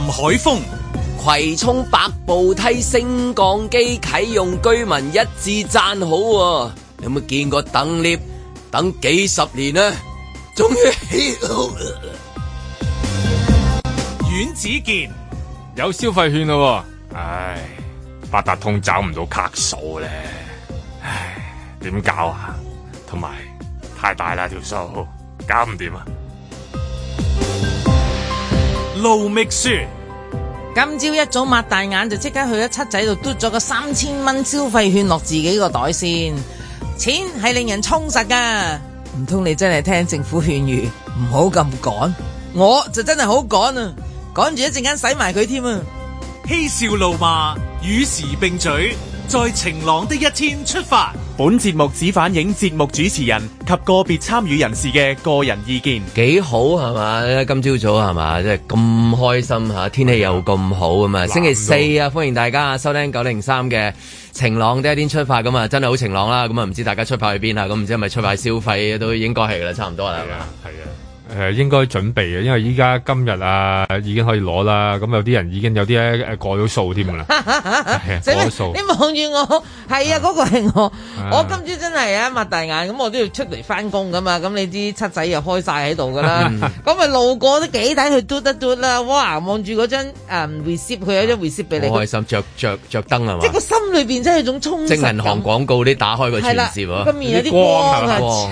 林海峰，葵涌百步梯升降機啟用，居民一致讚好啊。你有冇見過等獵等幾十年啊？終於起好。阮子健，有消費券咯，唉，八達通找唔到卡數咧，唉，點搞啊？同埋太大啦條數，搞唔掂啊！盧覓雪，今朝一早擘大眼就即刻去咗七仔度嘟咗個三千蚊消費券落自己個袋先，錢係令人充實噶。唔通你真係聽政府勸諭，唔好咁趕，我就真係好趕啊，趕住一陣間使埋佢添啊！嬉笑怒罵，與時並進。在晴朗的一天出發。本節目只反映節目主持人及個別參與人士嘅個人意見。幾好係咪今朝早係嘛？即係咁開心吓，天氣又咁好啊、嗯、星期四惰啊，歡迎大家收聽九零三嘅晴朗的一天出發。咁、嗯、啊，真係好晴朗啦。咁、嗯、啊，唔知大家出發去邊啊？咁唔知係咪出發消費都應該係啦，差唔多係咪係啊。誒應該準備嘅，因為依家今日啊已經可以攞啦，咁有啲人已經有啲誒過咗數添啦。過咗數，你望住我係啊，嗰個係我，我今朝真係啊擘大眼，咁我都要出嚟翻工噶嘛，咁你啲七仔又開晒喺度噶啦，咁咪路過都幾睇佢嘟得嘟 o 啦，哇望住嗰張誒 receipt 佢有一張 receipt 俾你。開心，着著著燈啊嘛？即係個心裏邊真係一種充。正銀行廣告你打開個電視啲光。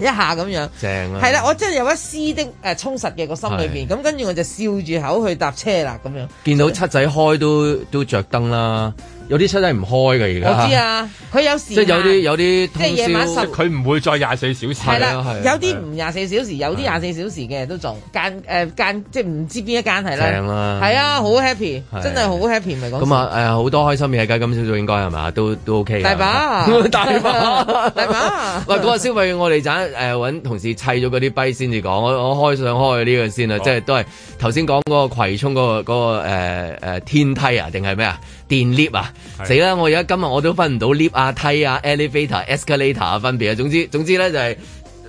一下咁樣，正啊！係啦，我真係有一絲的誒充實嘅個心裏邊，咁跟住我就笑住口去搭車啦咁樣。見到七仔開都都著燈啦。有啲出得唔開嘅而家，我知啊，佢有時即係有啲有啲，即係夜晚十佢唔會再廿四小時係啦，有啲唔廿四小時，有啲廿四小時嘅都仲間誒間，即係唔知邊一間係啦，正啦，係啊，好 happy，真係好 happy 咪講咁啊！誒好多開心嘅嘢，今朝早應該係嘛都都 OK 大把大把喂，嗰個消費我哋揀誒搵同事砌咗嗰啲碑先至講，我我開想開呢個先啊，即係都係頭先講嗰個葵涌，嗰個嗰個天梯啊，定係咩啊？電 lift 啊，死啦是的！我而家今日我都分唔到 lift 啊梯啊，elevator、escalator 啊，elevator, escal 分別啊。總之總之咧就係，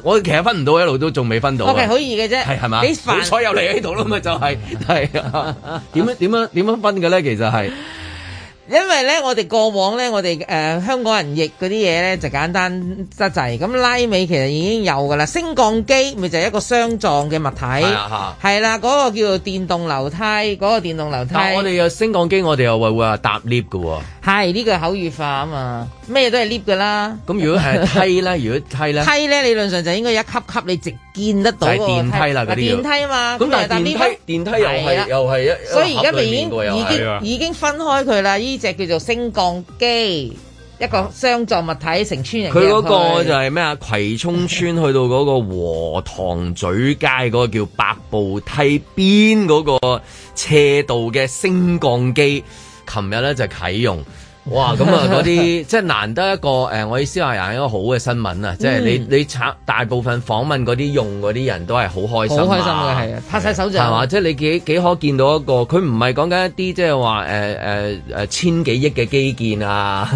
我其實分唔到，一路都仲未分到。OK，易你煩 好易嘅啫，係嘛？好彩又嚟喺度啦嘛，就係、係，係啊。 點樣點樣點樣分嘅咧？其實係。因為咧，我哋過往咧，我哋誒香港人譯嗰啲嘢咧就簡單得滯。咁拉尾其實已經有噶啦，升降機咪就係一個雙撞嘅物體，係啦，嗰個叫做電動樓梯，嗰個電動樓梯。我哋嘅升降機，我哋又話會搭 lift 噶喎。係、這、呢個口語化啊嘛，咩都係 lift 噶啦。咁如果係梯咧， 如果梯咧，梯咧理論上就應該一級級你直見得到。就電梯啦嗰啲。電梯啊嘛。咁但係電梯，電梯又係又係一、啊。所以而家已經已經 已經分開佢啦。呢隻叫做升降機，一個相撞物體成村人。佢嗰個就係咩啊？葵涌村去到嗰個禾塘咀街嗰個叫百步梯邊嗰個斜道嘅升降機，琴日咧就啟用。哇！咁啊，嗰啲即係難得一個誒，我意思話係一個好嘅新聞啊！即係你你查大部分訪問嗰啲用嗰啲人都係好開心，好開心嘅係拍晒手掌，係嘛？即係你幾幾可見到一個，佢唔係講緊一啲即係話誒誒誒千幾億嘅基建啊，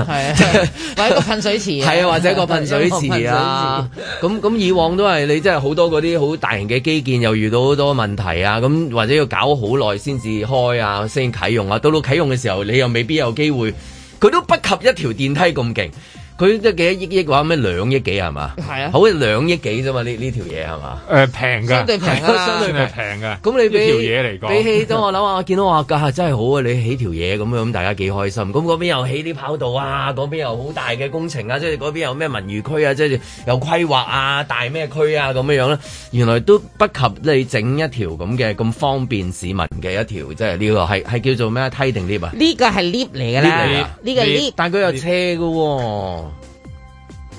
係或者個噴水池係啊，或者個噴水池啊？咁咁以往都係你真係好多嗰啲好大型嘅基建又遇到好多問題啊！咁或者要搞好耐先至開啊，先啟用啊，到到啟用嘅時候你又未必有機會。佢都不及一條電梯咁勁。佢即係幾多億億話咩兩億幾係嘛？係啊，好似兩億幾啫嘛？呢呢條嘢係嘛？誒，平噶，呃、相對平啊，相對係平噶。咁你俾條嘢嚟講，比起咗 我諗我見到我話噶真係好啊！你起條嘢咁樣，咁大家幾開心。咁嗰邊又起啲跑道啊，嗰邊又好大嘅工程啊，即係嗰邊有咩文娛區啊，即係有規劃啊，大咩區啊咁樣樣咧。原來都不及你整一條咁嘅咁方便市民嘅一條，即係呢、這個係係叫做咩梯定 lift 啊？呢個係 lift 嚟嘅啦，呢、這個 lift 但佢有車噶、哦。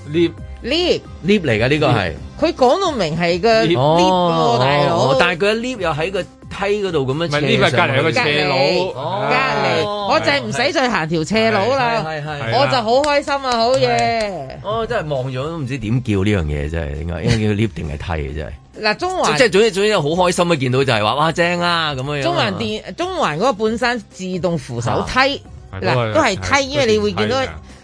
lift lift lift 嚟噶呢個係，佢講到明係個 lift 大佬。但係佢個 lift 又喺個梯嗰度咁樣斜上，隔籬啊嘛，斜路，隔籬。我就唔使再行條斜路啦，我就好開心啊，好嘢。哦，真係望咗都唔知點叫呢樣嘢真係，應該應該叫 lift 定係梯嘅真係。嗱，中環即係總之總之好開心啊，見到就係話哇正啊咁樣中環電，中環嗰個半山自動扶手梯嗱，都係梯，因為你會見到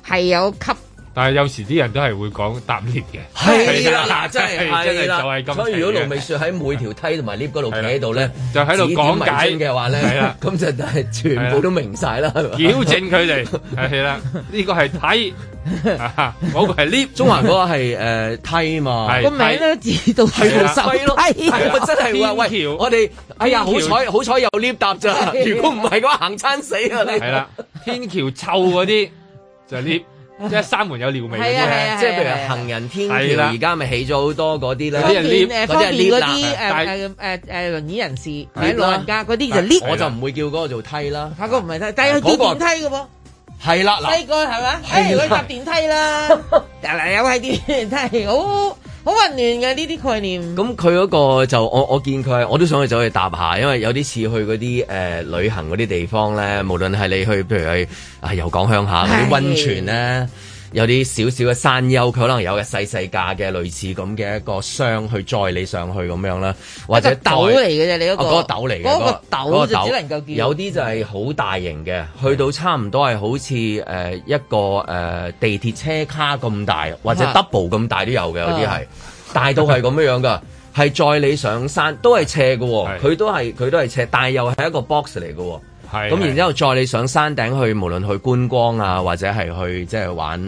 係有級。但係有時啲人都係會講搭 lift 嘅，係啦，嗱，真係係啦，所以如果盧美雪喺每條梯同埋 lift 嗰度企喺度咧，就喺度講解嘅話咧，係啦，咁就真係全部都明曬啦，矯正佢哋係啦，呢個係梯，嗰個係 lift，中環嗰個係誒梯嘛，個名咧自動係扶梯咯，係，我真係話喂，我哋哎呀好彩好彩有 lift 搭咋，如果唔係嘅話行親死啊，係啦，天橋臭嗰啲就 lift。即係三門有尿味，即係譬如行人天橋而家咪起咗好多嗰啲咧，嗰啲人 lift 嗰啲 lift 嗰啲，輪椅人士，老人家啲就 lift，我就唔會叫嗰個做梯啦。發哥唔係梯，但佢叫電梯嘅噃，係啦，細個係咪？誒去搭電梯啦，有喺電梯。好。好混亂嘅呢啲概念。咁佢嗰個就我我見佢，我都想去走去搭下，因為有啲似去嗰啲誒旅行嗰啲地方咧，無論係你去，譬如去啊，又講鄉下嗰啲溫泉咧。有啲少少嘅山丘，佢可能有一細細架嘅類似咁嘅一個箱去載你上去咁樣啦，或者斗嚟嘅啫，你嗰、嗰個斗嚟嘅，嗰、啊嗰個斗就只能夠有啲就係好大型嘅，是去到差唔多係好似誒一個誒地鐵車卡咁大，或者 double 咁大都有嘅，有啲係大到係咁樣樣噶，係 載你上山都係斜嘅喎，佢都係佢都係斜，但係又係一個 box 嚟嘅喎。咁然之後再你上山頂去，無論去觀光啊，或者係去即係玩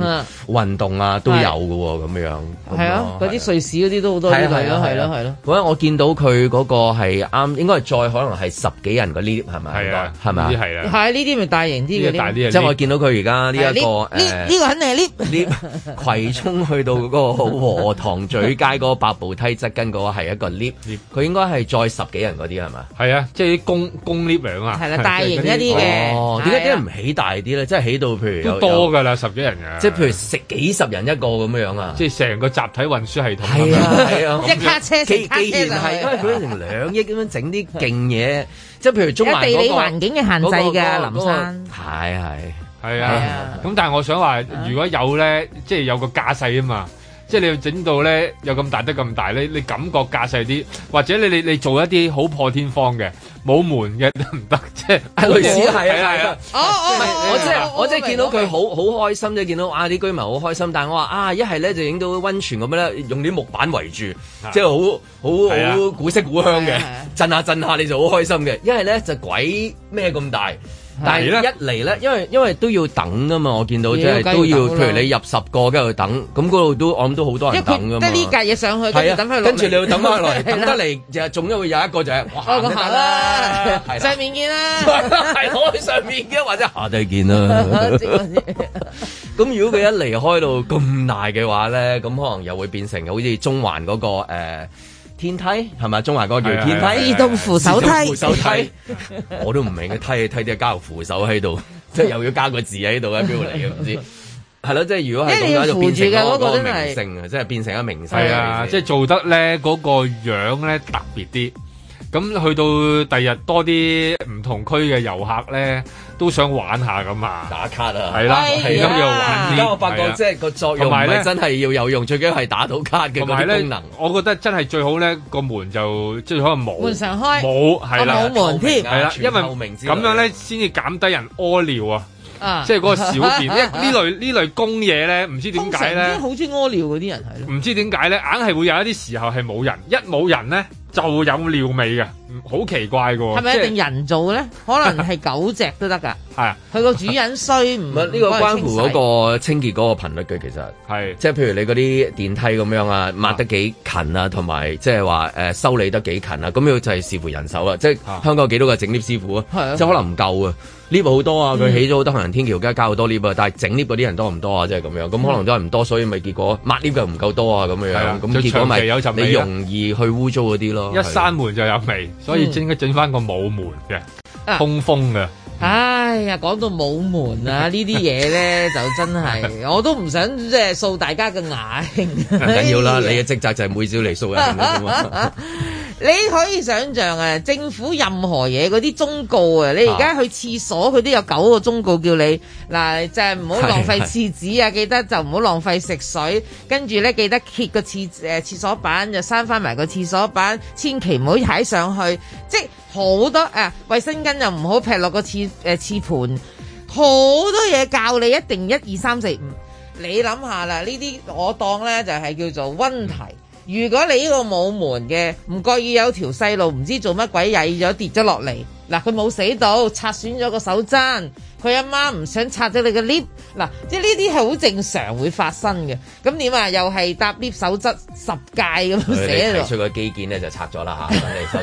運動啊，都有嘅喎，咁樣。係啊，嗰啲瑞士嗰啲都好多啲嚟咯，係咯係咯。我見到佢嗰個係啱，應該係再可能係十幾人嘅 lift 係咪？係咪啊？係啊，呢啲咪大型啲嘅，即係我見到佢而家呢一個呢個肯定係 lift lift，葵涌去到嗰個荷塘咀街嗰個百步梯側跟嗰個係一個 lift，佢應該係再十幾人嗰啲係咪？係啊，即係啲公公 lift 樣啊。係啦，大型。一啲嘅，點解點解唔起大啲咧？即係起到，譬如多噶啦，十幾人嘅。即係譬如食幾十人一個咁樣啊。即係成個集體運輸系統。係啊係啊，一卡車食卡車。係，因為佢成兩億咁樣整啲勁嘢，即係譬如中環。有地理環境嘅限制㗎，林生。係係係啊，咁但係我想話，如果有咧，即係有個架勢啊嘛。即係你要整到咧有咁大得咁大咧，你感覺架細啲，或者你你你做一啲好破天荒嘅冇門嘅得唔得？即係類似係啊係啊哦唔係，我即係我即係見到佢好好開心，即係見到啊啲居民好開心，但係我話啊一係咧就影到温泉咁樣咧，用啲木板圍住，即係好好好古色古香嘅震下震下，你就好開心嘅。一係咧就鬼咩咁大。但係一嚟咧，因為因為都要等噶嘛，我見到即係都要。要譬如你入十個跟住等，咁嗰度都我諗都好多人等噶嘛。即係呢屆嘢上去，等啊、跟住你要等翻落嚟，等、 啊、得嚟就中咗，總會有一個就係、是、哇，開個啦，啦上、啊，上面見啦，係攞去上面嘅，或者下地見啦。咁 如果佢一嚟開到咁大嘅話咧，咁可能又會變成好似中環嗰、嗰個誒。呃天梯係咪？中環嗰個叫天梯，自動扶手梯，扶手梯？我都唔明嘅梯，梯啲膠扶手喺度，即係又要加個字喺度，喺邊嚟嘅唔知。係咯，即係如果係而家就變成咗個名星啊，即係變成一名星。啊，即係做得咧嗰個樣咧特別啲。咁去到第日多啲唔同區嘅遊客咧。都想玩下咁啊，打卡啊，係啦，係咁又玩。而家我發覺即係個作用咧，真係要有用，最緊係打到卡嘅嗰啲功能。我覺得真係最好咧，個門就即係可能冇。門上開冇，我冇門添，係啦，因為咁樣咧，先至減低人屙尿啊，即係嗰個小便。呢呢類呢類公嘢咧，唔知點解咧，好似屙尿嗰啲人係。唔知點解咧，硬係會有一啲時候係冇人，一冇人咧。就有料味嘅，好奇怪嘅喎。係咪一定人做咧？ 可能係九隻都得噶。係 啊，佢個主人衰唔？呢 是個關乎嗰個清潔嗰個頻率嘅，其實係是即係譬如你嗰啲電梯咁樣啊，抹得幾勤啊，同埋即係話誒修理得幾勤啊，咁樣就係視乎人手啦。即係香港有幾多個整 lift 師傅啊？係啊，即係可能唔夠啊。lift 好多啊，佢起咗好多行人天橋，啊，而家加好多 lift，但係整 lift 嗰啲人多唔多啊？即係咁樣，咁可能都係唔多，所以咪結果抹 lift 又唔夠多啊，咁樣，咁結果咪有你容易去污糟嗰啲咯。一閂門就有味，嗯、所以應該整翻個冇門嘅，通、啊、風嘅。嗯、哎呀，講到冇門啊，呢啲嘢咧就真係，我都唔想即係掃大家嘅雅興。唔 緊要緊啦，你嘅職責就係每朝嚟掃一你可以想象啊，政府任何嘢嗰啲忠告啊，你而家去廁所佢、啊、都有九個忠告叫你嗱，就係唔好浪費廁紙啊，是的 記得就唔好浪費食水，跟住咧記得揭個廁誒、呃、廁所板，就閂翻埋個廁所板，千祈唔好踩上去，即係好多誒、呃、衛生巾又唔好劈落個廁誒、呃、廁盤，好多嘢教你一定一二三四五，你諗下啦，呢啲我當咧就係叫做溫提。如果你呢個冇門嘅，唔覺意有條細路唔知做乜鬼曳咗跌咗落嚟。嗱，佢冇死到，擦損咗個手踭。佢阿媽唔想拆咗你個 lift。嗱，即係呢啲係好正常會發生嘅。咁點啊？又係搭 lift 手執十界咁寫喺度。除個基建咧就拆咗啦嚇，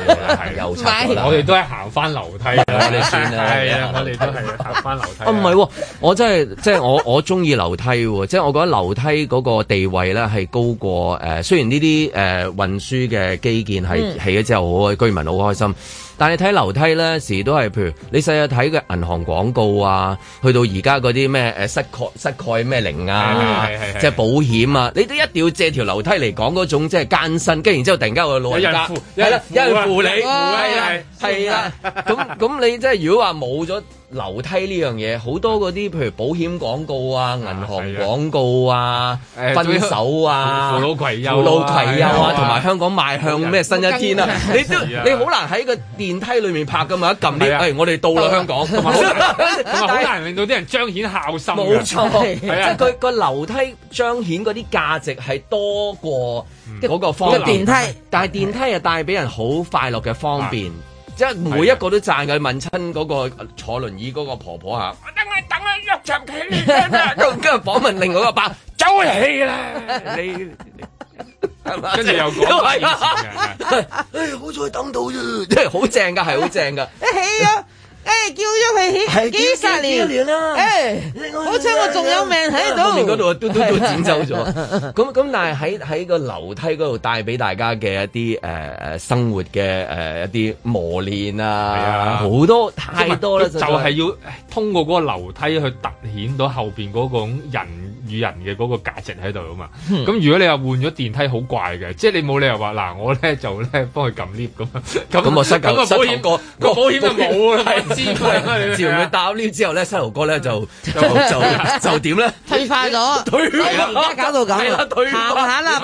又我哋都係行翻樓梯啦。我哋算啦。係啊，我哋都係行翻樓梯。唔係喎，我真係即係我我中意樓梯喎。即係我覺得樓梯嗰個地位咧係高過誒。雖然呢啲誒運輸嘅基建係起咗之後，我居民好開心。但係你睇樓梯咧，時都係譬如你細個睇嘅銀行廣告啊，去到而家嗰啲咩誒失蓋失蓋咩零啊，即係 保險啊，你都一定要借條樓梯嚟講嗰種即係艱辛，跟住然之後突然間我老人家，係啦，人扶你，係 啊，係 啊，咁咁你即係如果話冇咗。樓梯呢樣嘢好多嗰啲，譬如保險廣告啊、銀行廣告啊、分手啊、扶老攜幼扶老攜幼，同埋香港邁向咩新一天啊。你都你好難喺個電梯裡面拍噶嘛，一撳啲，誒，我哋到啦香港，好難令到啲人彰顯孝心，冇錯，即係佢個樓梯彰顯嗰啲價值係多過嗰個方便。個電梯，但係電梯又帶俾人好快樂嘅方便。即係每一個都讚佢問親嗰、嗰個坐輪椅嗰個婆婆吓， 等你等我等佢等佢約尋佢，跟住訪問另外一個爸，走氣啦，你，跟住 又講， 哎、好彩等到啫，好正㗎，係好正㗎，嘿 呀。誒、哎，叫咗佢幾幾十年啦！誒、哎，好彩、哎、我仲有命喺度。後邊嗰度都都都剪走咗。咁咁， 但係喺喺個樓梯嗰度帶俾大家嘅一啲誒誒生活嘅誒、呃、一啲磨練啊，好的多太多啦，就係要通過嗰個樓梯去凸顯到後邊嗰個人與人嘅嗰個價值喺度啊嘛。咁、 嗯、如果你話換咗電梯好怪嘅，即係你冇理由話嗱我咧就咧幫佢撳 lift 咁啊，咁啊失救，咁啊 需保險個個保險就冇啦， 知佢，知佢搭 lift 之後咧，細路哥咧就就就就點咧？退化咗，退啊！而家搞到咁，行下啦，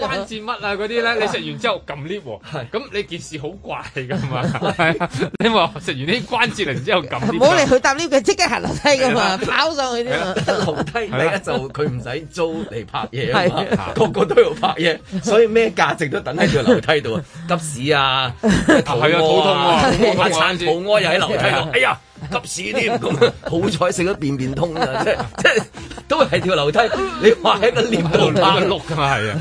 關節乜啊嗰啲咧？你食完之後撳 lift 喎，咁你件事好怪噶嘛？你話食完啲關節嚟之後撳，唔好理佢搭 lift，佢即刻行樓梯噶嘛，跑上去啲嘛，樓梯咧就佢唔使租嚟拍嘢啊嘛，個個都要拍嘢，所以咩價值都等喺條樓梯度啊，急屎啊，肚屙啊。但保安又喺樓梯度， 哎呀，急屎添，咁，好彩食咗便便通啊！即係即係都係條樓梯，你話喺個念頭下碌噶嘛係啊？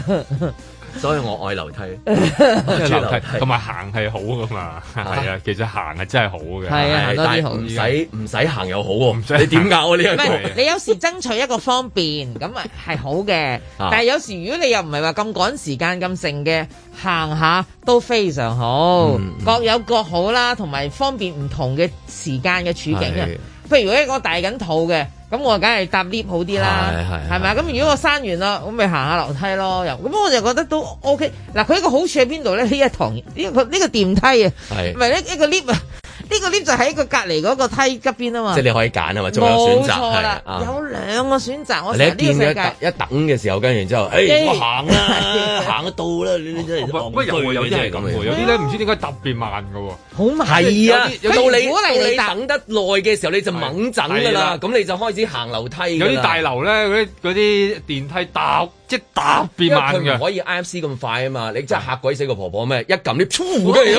所以我愛樓梯，樓梯同埋行係好㗎嘛，係啊，其實行係真係好嘅。係啊，但唔使唔使行又好唔使。你點解我呢一個你有時爭取一個方便咁啊，係好嘅。但係有時如果你又唔係話咁趕時間咁剩嘅行下都非常好，各有各好啦，同埋方便唔同嘅時間嘅處境啊。譬如如果一我大緊肚嘅。咁我梗係搭 lift 好啲啦，係咪啊？咁吧如果我閂完啦，咁咪行下樓梯咯，又咁我就覺得都 OK。嗱，佢一個好處喺邊度咧？呢一堂呢、呢個呢、呢個電梯啊，唔係呢一個 lift 啊。 呢個 lift 就喺個隔離嗰個梯側邊啊嘛，即係你可以揀啊嘛，仲有選擇，有兩個選擇。我成呢個世界一等嘅時候，跟住之後，哎，我行啦，行得到啦，你真係，不有有啲係咁有啲咧唔知點解特別慢嘅喎，好慢，有道理，鼓勵你等得耐嘅時候你就猛陣㗎啦，咁你就開始行樓梯。有啲大樓咧嗰啲啲電梯搭。即係特別慢嘅，可以 IFC 咁快啊嘛！的你真係嚇鬼死個婆婆咩？一撳你，跟住出去，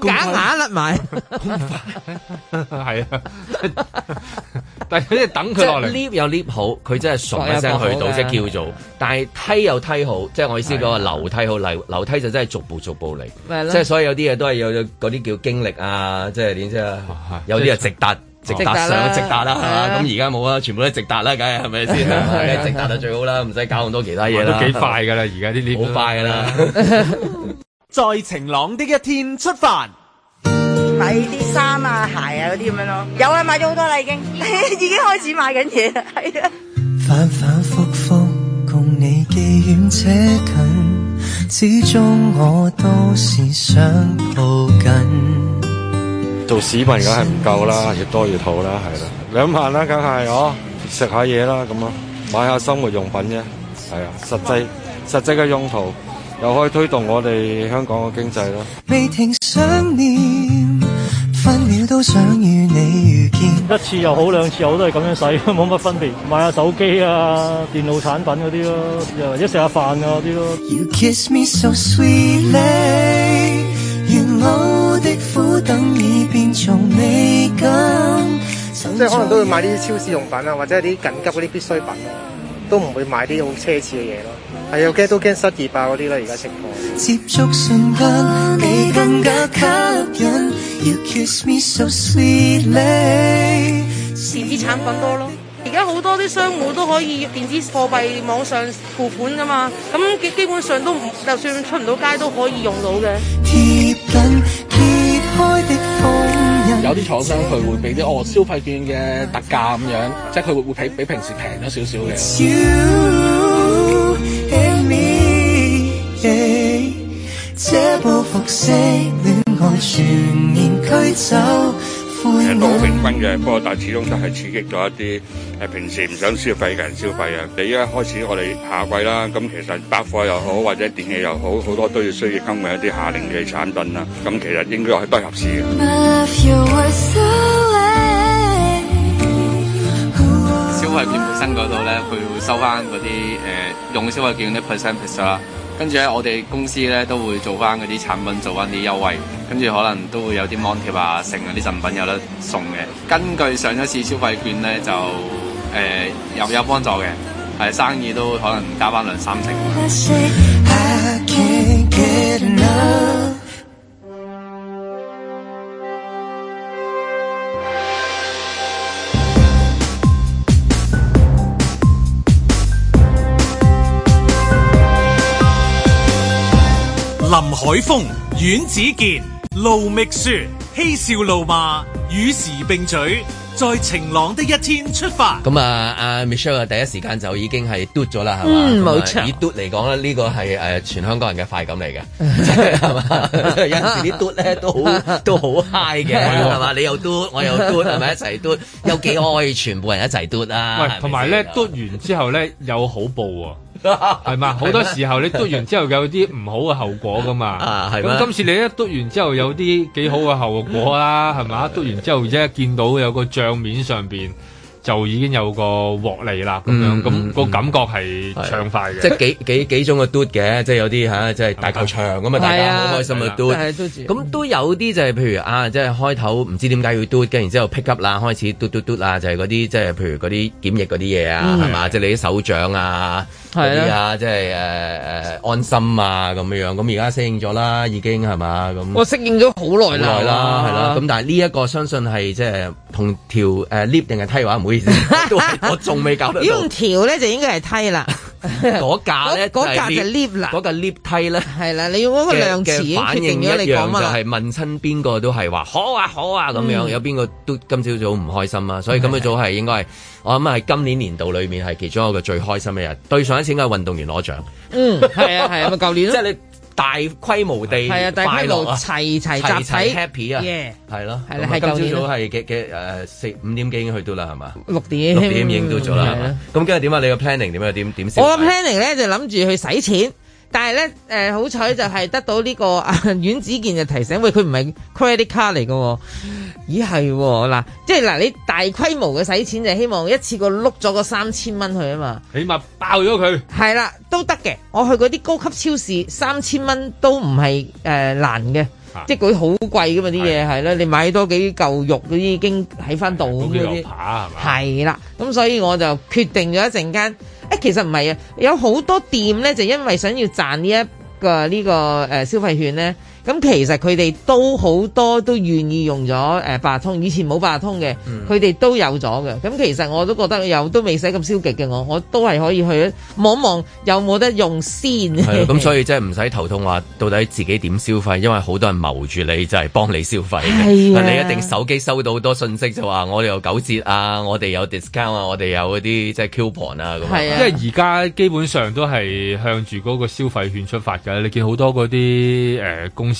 夾硬甩埋，好快係啊！ 但係佢係等佢落嚟，lift 又 lift 好，佢真係唰一聲去到，即係的叫做。但係梯又梯好，的即係我意思講啊，樓梯好，樓樓梯就真係逐步逐步嚟，即係是所以有啲嘢都係有嗰啲叫經歷啊，即係點啫？有啲啊值得。直達上直達啦，咁而家冇啊，全部都直達啦，梗係係咪先？直達就最好啦，唔使搞咁多其他嘢，都幾快噶啦，而家啲啲好快噶啦。 在晴朗的一天出發行買啲衫啊、鞋啊嗰啲咁樣咯，有啊，買咗好多啦，已經 已經開始買緊嘢啦，係啊。反反复复，共你寄遠且近，始終我都是想抱緊。做市民梗係唔夠啦，越多越好啦，係啦，兩萬啦，梗係哦，食下嘢啦咁咯，買下生活用品啫，係啊，實際實際嘅用途又可以推動我哋香港嘅經濟咯。未停想念，分秒都想與你遇見。一次又好，兩次又好，都係咁樣使，冇乜分別。買下手機啊、電腦產品嗰啲咯，又或者食下飯嗰啲咯。You kiss me so sweetly. 等即係可能都會買啲超市用品啊，或者係啲緊急嗰啲必需品，都唔會買啲好奢侈嘅嘢咯。係啊、mm，驚、hmm. 都驚失業爆嗰啲啦，而家情況。電子、so、產品多咯，而家好多啲商戶都可以電子貨幣網上付款噶嘛，咁基本上都唔就算出唔到街都可以用到嘅。 有啲廠商佢會俾啲哦消費券嘅特價咁樣，即係佢會會比，比平時平咗少少嘅。You and me, yeah. 這報復式戀愛全然驅走。其實都好平均嘅，不過但係始終都係刺激咗一啲誒平時唔想消費嘅人消費啊！你一開始我哋夏季啦，咁其實百貨又好，或者電器又好，好多都要需要更換一啲夏令嘅產品啦，咁其實應該係不合適嘅。消費券本身嗰度咧，佢會收翻嗰啲誒用消費券啲 percentage 啦。跟住咧，我哋公司咧都會做翻嗰啲產品，做翻啲優惠，跟住可能都會有啲芒貼啊、剩啊啲贈品有得送嘅。根據上一次消費券咧，就誒又、呃、有幫助嘅，係生意都可能加翻兩三成。林海峰、阮子健、盧覓雪，嬉笑怒罵，與時並舉，在晴朗的一天出發。咁啊，阿 Michelle 啊，第一時間就已經係嘟咗啦，係嘛？嗯，冇錯。right? 以嘟嚟講咧，呢個係誒全香港人嘅快感嚟嘅，係 嘛樂？有陣時啲嘟咧都好都好 high 嘅，係 嘛樂？你又嘟，我又嘟，o 係咪一齊嘟，有幾多可以全部人一齊嘟啊？喂， 同埋咧嘟完之後咧有好報喎。 ull 係嘛？好多時候你篤完之後有啲唔好嘅後果噶嘛。啊，係。咁今次你一篤完之後有啲幾好嘅後果啦，係嘛？篤完之後即係見到有個賬面上邊就已經有個獲利啦，咁樣咁個感覺係暢快嘅。即係幾幾幾種嘅嘟嘅，即係有啲吓，即係大球場咁啊，大家好開心啊篤。係篤住。咁都有啲就係譬如啊，即係開頭唔知點解要嘟，跟住然之後 pick up 啦，開始嘟嘟嘟啊，就係嗰啲即係譬如嗰啲檢疫嗰啲嘢啊，係嘛？即係你啲手掌啊。係啊，即係誒誒，安心啊咁樣樣，咁而家適應咗啦，已經係嘛咁。我適應咗好耐啦，耐啦，係啦，咁但係呢一個相信係即係同條誒 lift 定係梯話，唔好意思， 我仲未搞到 條呢。用條咧就應該係梯啦。 嗰 架咧，嗰 那架就 lift 嗰架 lift 梯咧，係啦，你要攞個量詞決定咗你講嘛，係問親邊個都係話好啊好啊咁、嗯、樣，有邊個都今朝早唔開心啦、啊，所以今朝早係應該係，的我諗係今年年度裏面係其中一個最開心嘅日，對上一次應該係運動員攞獎，嗯，係啊係啊，咪舊、就是、年咯。 大規模地啊，快樂齊，齊齊集體 happy 啊，係咯，係啦，今朝早係嘅嘅誒四五點幾已經去到啦，係嘛？六點六點已經到咗啦，咁跟住點啊？你個 planning 點啊？點點先？我個 planning 咧就諗住去使錢。但係咧，誒好彩就係得到呢，呢個阿阮子健就提醒，喂，佢唔係 credit card 嚟嘅。咦，係嗱，即係嗱，你大規模嘅使錢就希望一次過碌咗個三千蚊佢啊嘛，起碼爆咗佢，係啦都得嘅，我去嗰啲高級超市三千蚊都唔係誒難嘅，即係佢好貴噶嘛啲嘢，係啦，你買多幾嚿肉嗰啲已經喺翻度咁嗰啲，係啦，咁所以我就決定咗一陣間。誒，其實唔係啊，有好多店呢，就因為想要賺呢一個呢個消費券呢。咁其實佢哋都好多都願意用咗誒八達通，以前冇八達通嘅，佢哋、嗯、都有咗嘅。咁其實我都覺得有都未使咁消極嘅，我我都係可以去望一望有冇得用先。咁的 所以真係唔使頭痛話到底自己點消費，因為好多人謀住你就係幫你消費嘅。啊、但你一定手機收到好多信息就話我哋有九折啊，我哋有 discount 啊，我哋有嗰啲即係、就是、coupon 啊咁啊。啊，因為而家基本上都係向住嗰個消費券出發㗎。你見好多嗰啲誒公司。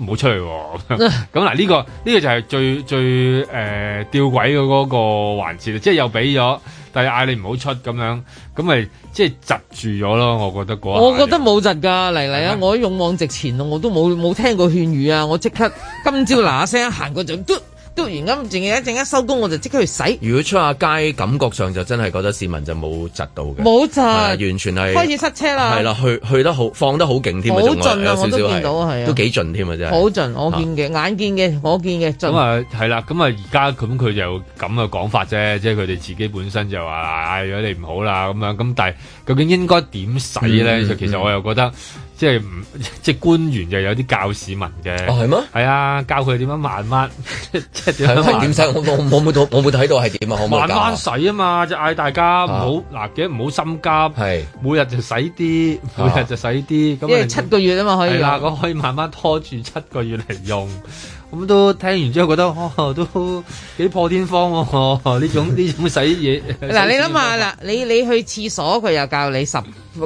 唔好出去喎！咁嗱， 呢個呢個就係最最誒、呃、吊詭嘅嗰個環節，即係又俾咗，但係嗌你唔好出咁樣，咁咪即係窒住咗咯？我覺得嗰，我覺得冇窒㗎，嚟嚟啊！嗎我喺勇往直前啊！我都冇冇聽過勸喻啊！我即刻今朝嗱嗱聲行過就。 完咁，仲要一陣間收工，我就即刻去洗。如果出下街，感覺上就真係覺得市民就冇窒到嘅，冇窒錯、啊，完全係開始塞車啦，係咯，去去得好，放得好勁添，好盡啊！少少我都見到，係啊，都幾盡添啊，真係好盡、啊我，我見嘅眼見嘅，我見嘅咁啊，係、嗯、啦，咁、嗯、啊，而家咁佢就咁嘅講法啫，即係佢哋自己本身就話嗌咗你唔好啦，咁樣咁，但係究竟應該點洗咧？其實我又覺得。即係唔即係官員就有啲教市民嘅，係咩、哦？係啊，教佢點樣慢慢 即係點樣點使？ 我冇我冇睇到係點 慢慢使啊嘛！就嗌大家唔好嗱記，唔好、啊啊、心急，係是每日就使啲，啊、每日就使啲咁。即係、啊、你七個月啊嘛，可以嗱，我可以慢慢拖住七個月嚟用。 咁都聽完之後覺得、哦、都幾破天荒喎、哦！呢種呢種洗嘢嗱， 你諗下啦， 你你去廁所佢又教你十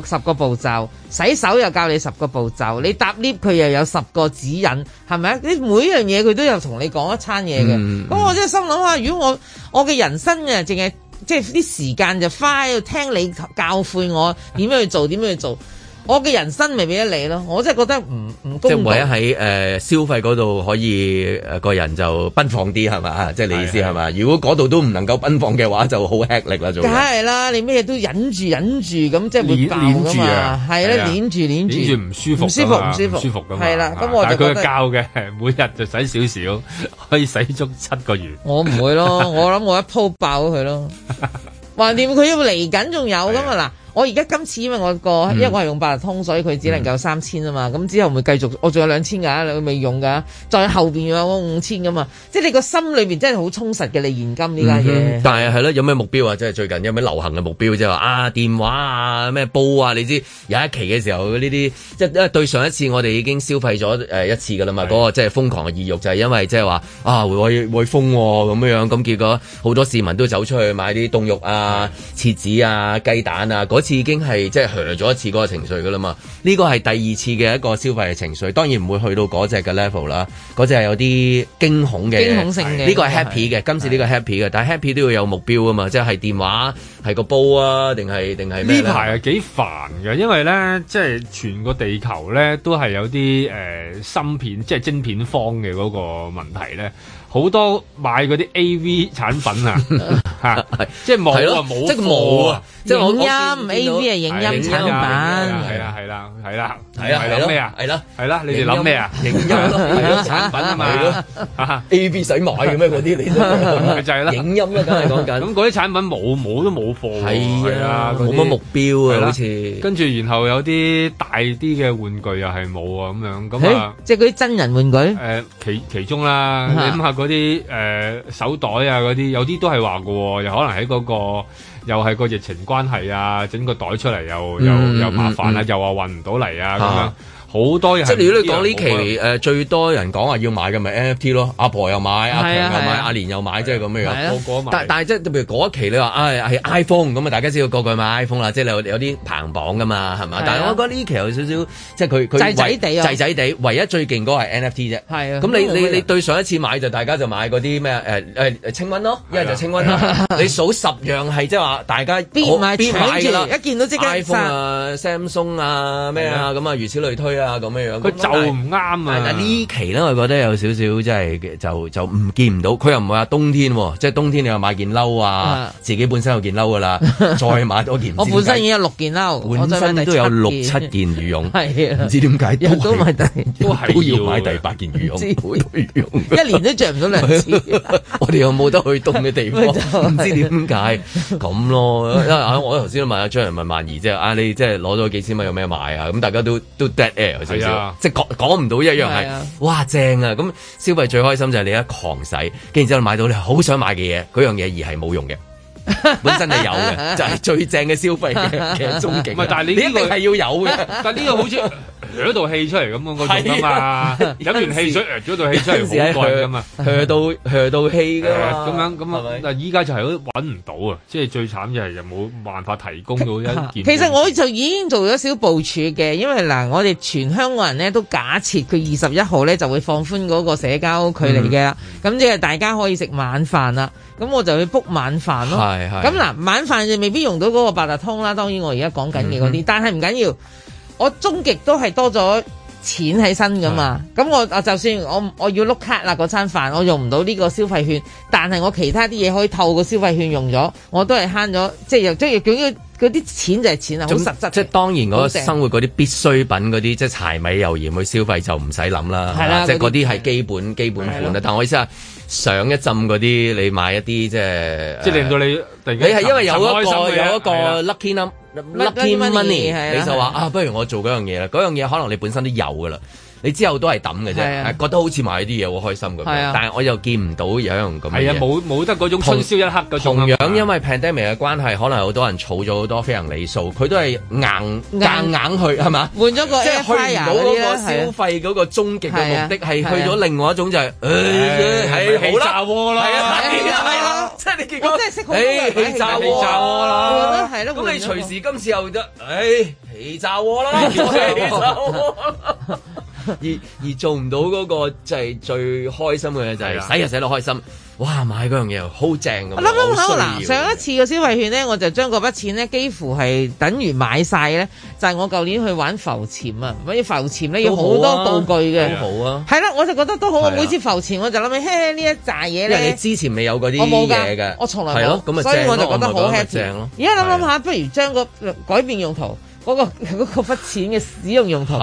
十個步驟，洗手又教你十個步驟，你搭 lift 佢又有十個指引，係咪啊？你每樣嘢佢都有同你講一餐嘢嘅。咁、嗯、我真係心諗下，如果我我嘅人生啊，淨係即係啲時間就花喺度聽你教訓我點樣去做，點 樣去做。我嘅人生未俾得你咯，我真係覺得唔即係唯一喺誒消費嗰度可以誒個人就奔放啲係嘛，即係你意思係嘛？如果嗰度都唔能夠奔放嘅話，就好吃力啦，仲係。梗係啦，你咩都忍住忍住咁，即係會爆噶嘛？係啦，捻住捻住，捻住唔舒服，唔舒服，唔舒服，係啦。咁我就但係佢係交嘅，每日就使少少，可以使足七個月。我唔會咯，我諗我一鋪爆佢咯，橫掂佢要嚟緊仲有噶嘛。嗱。我而家今次因為我個，因為我係用八達通，所以佢只能夠三千啊嘛。咁、嗯、之後會繼續，我仲有兩千㗎、啊，你未用㗎、啊，再後邊有個五千㗎嘛，即係你個心裏邊真係好充實嘅你現金呢家嘢。但係係咯，有咩目標啊？即係最近有咩流行嘅目標，即係話啊電話啊、咩煲啊？你知有一期嘅時候呢啲，即係因為對上一次我哋已經消費咗誒、呃、一次㗎啦嘛。嗰的個即係瘋狂嘅意欲就係、是、因為即係話啊會會封喎咁樣樣，咁結果好多市民都走出去買啲凍肉啊、廁紙啊、雞蛋啊次已經係即係賀咗一次嗰個情緒噶啦嘛，呢個係第二次嘅一個消費嘅情緒，當然唔會去到嗰隻嘅 level 啦。嗰隻係有啲驚恐嘅，驚恐性嘅。呢個係 happy 嘅，是今次呢個 happy 嘅，但係 happy 都要有目標噶嘛，即係係電話係個煲啊，定係定係咩？呢排係幾煩嘅，因為呢，即係全個地球呢，都係有啲誒芯片即係晶片荒嘅嗰個問題呢。好多買嗰啲 A.V. 產品啊，即係冇啊冇，即係冇啊，即係影音 A.V. 係影音產品，係啦係啦係啦，係啊，係諗咩啊？係啦係啦，你哋諗咩啊？影音咯，產品啊係咪 A.V. 使買嘅咩嗰啲嚟？就係啦。影音梗係講緊。咁嗰啲產品冇冇都冇貨，係啊，冇乜目標啊，好似。跟住然後有啲大啲嘅玩具又係冇啊咁樣，咁啊，即係嗰啲真人玩具。誒，其其中啦，諗下嗰啲誒手袋啊，嗰啲有啲都係話嘅，又可能喺嗰、嗰個又係個疫情關係啊，整個袋出嚟又、嗯、又又麻煩啊，又話運唔到嚟啊咁樣。好多人，即係如果你講呢期誒最多人講話要買嘅咪 NFT 咯，阿婆又買，阿強又買，阿蓮又買，即係咁樣樣。但但係即係譬如嗰一期你話，唉係 iPhone 咁啊，大家知道個個買 iPhone 啦，即係你有啲排行榜噶嘛，係咪？但係我覺得呢期有少少即係佢仔仔地仔仔地唯一最勁嗰個係 NFT 啫。係啊，咁你你你對上一次買就大家就買嗰啲咩誒誒清瘟咯，一係就清瘟啦。你數十樣係即係話大家，邊買搶住啦，一見到即刻。iPhone 啊，Samsung 啊，咩啊咁啊，如此類推啊。啊咁嘅樣，佢就唔啱啊！但呢期咧，我覺得有少少即係就就唔見唔到。佢又唔會話冬天喎，即係冬天你又買件褸啊，自己本身有件褸噶啦，再買多件。我本身已經有六件褸，本身都有六七件羽絨，係啊，唔知點解都都買第都係要買第八件羽絨。羽絨一年都著唔到兩次，我哋又冇得去凍嘅地方，唔知點解咁咯。因為啊，我頭先問阿張，問萬怡即係啊，你即係攞咗幾千蚊有咩買啊？咁大家都都 dead。有少少，即係講講唔到一樣係，哇，正啊！咁消費最開心就係你一狂使，跟住之後買到你好想買嘅嘢，嗰樣嘢而係冇用嘅。本身係有嘅，就係最正嘅消費嘅，其實中景。唔係，但係呢個係要有嘅。但呢個好似咗道氣出嚟咁嘅嗰種啊嘛，飲完汽水咗道氣出嚟好貴嘅嘛，嚼到嚼氣嘅嘛。咁樣咁啊，但依家就係都揾唔到啊，即係最慘就係又冇辦法提供到一件。其實我就已經做咗少部署嘅，因為嗱我哋全香港人咧都假設佢二十一號咧就會放寬嗰個社交距離嘅，咁即係大家可以食晚飯啦。咁我就去 book 晚飯咯。咁嗱，晚飯就未必用到嗰個八達通啦，當然我而家講緊嘅嗰啲，但係唔緊要，我終極都係多咗。 錢喺身噶嘛，咁我我就算我我要碌卡啦嗰餐飯，我用唔到呢個消費券，但係我其他啲嘢可以透過消費券用咗，我都係慳咗，即係又即係嗰啲嗰啲錢就係錢啊，好總實質即。即係當然我生活嗰啲必需品嗰啲，即係柴米油鹽去消費就唔使諗啦。啊啊、即係嗰啲係基本的基本款啦。的但我意思啊，上一陣嗰啲你買一啲的、uh, 即係即係令到你，你係因為有一個有一個 lucky Lucky Lucky money， 你就話的啊，不如我做嗰樣嘢啦，嗰樣嘢可能你本身都有噶啦。你之後都係抌嘅啫，覺得好似買啲嘢好開心咁，但係我又見唔到樣咁。係啊，冇冇得嗰種春宵一刻嘅痛。同樣因為 pandemic 嘅關係，可能有好多人儲咗好多飛行里數，佢都係硬硬硬去係嘛？換咗個即係去唔到嗰個消費嗰個終極嘅目的，係去咗另外一種就係誒，係氣炸鍋啦！係啊係啦，即係你見過真係識好難。誒，氣炸鍋啦，係咯。咁你隨時今次又得誒，氣炸鍋啦，叫你起手。而而做唔到嗰個就係最開心嘅嘢，就係洗又洗得開心，哇！買嗰樣嘢好正咁。諗諗下，嗱，上一次嘅消費券咧，我就將嗰筆錢咧，幾乎係等於買晒咧。就係我舊年去玩浮潛啊，咁浮潛咧要好多道具嘅，都好啊。係啦，我就覺得都好。每次浮潛我就諗起，嘿，呢一紮嘢咧。因為你之前未有嗰啲嘢嘅，我冇噶，我從來冇。係咯，咁所以我就覺得好正咯。而家諗諗下，不如將個改變用途，嗰個嗰個筆錢嘅使用用途。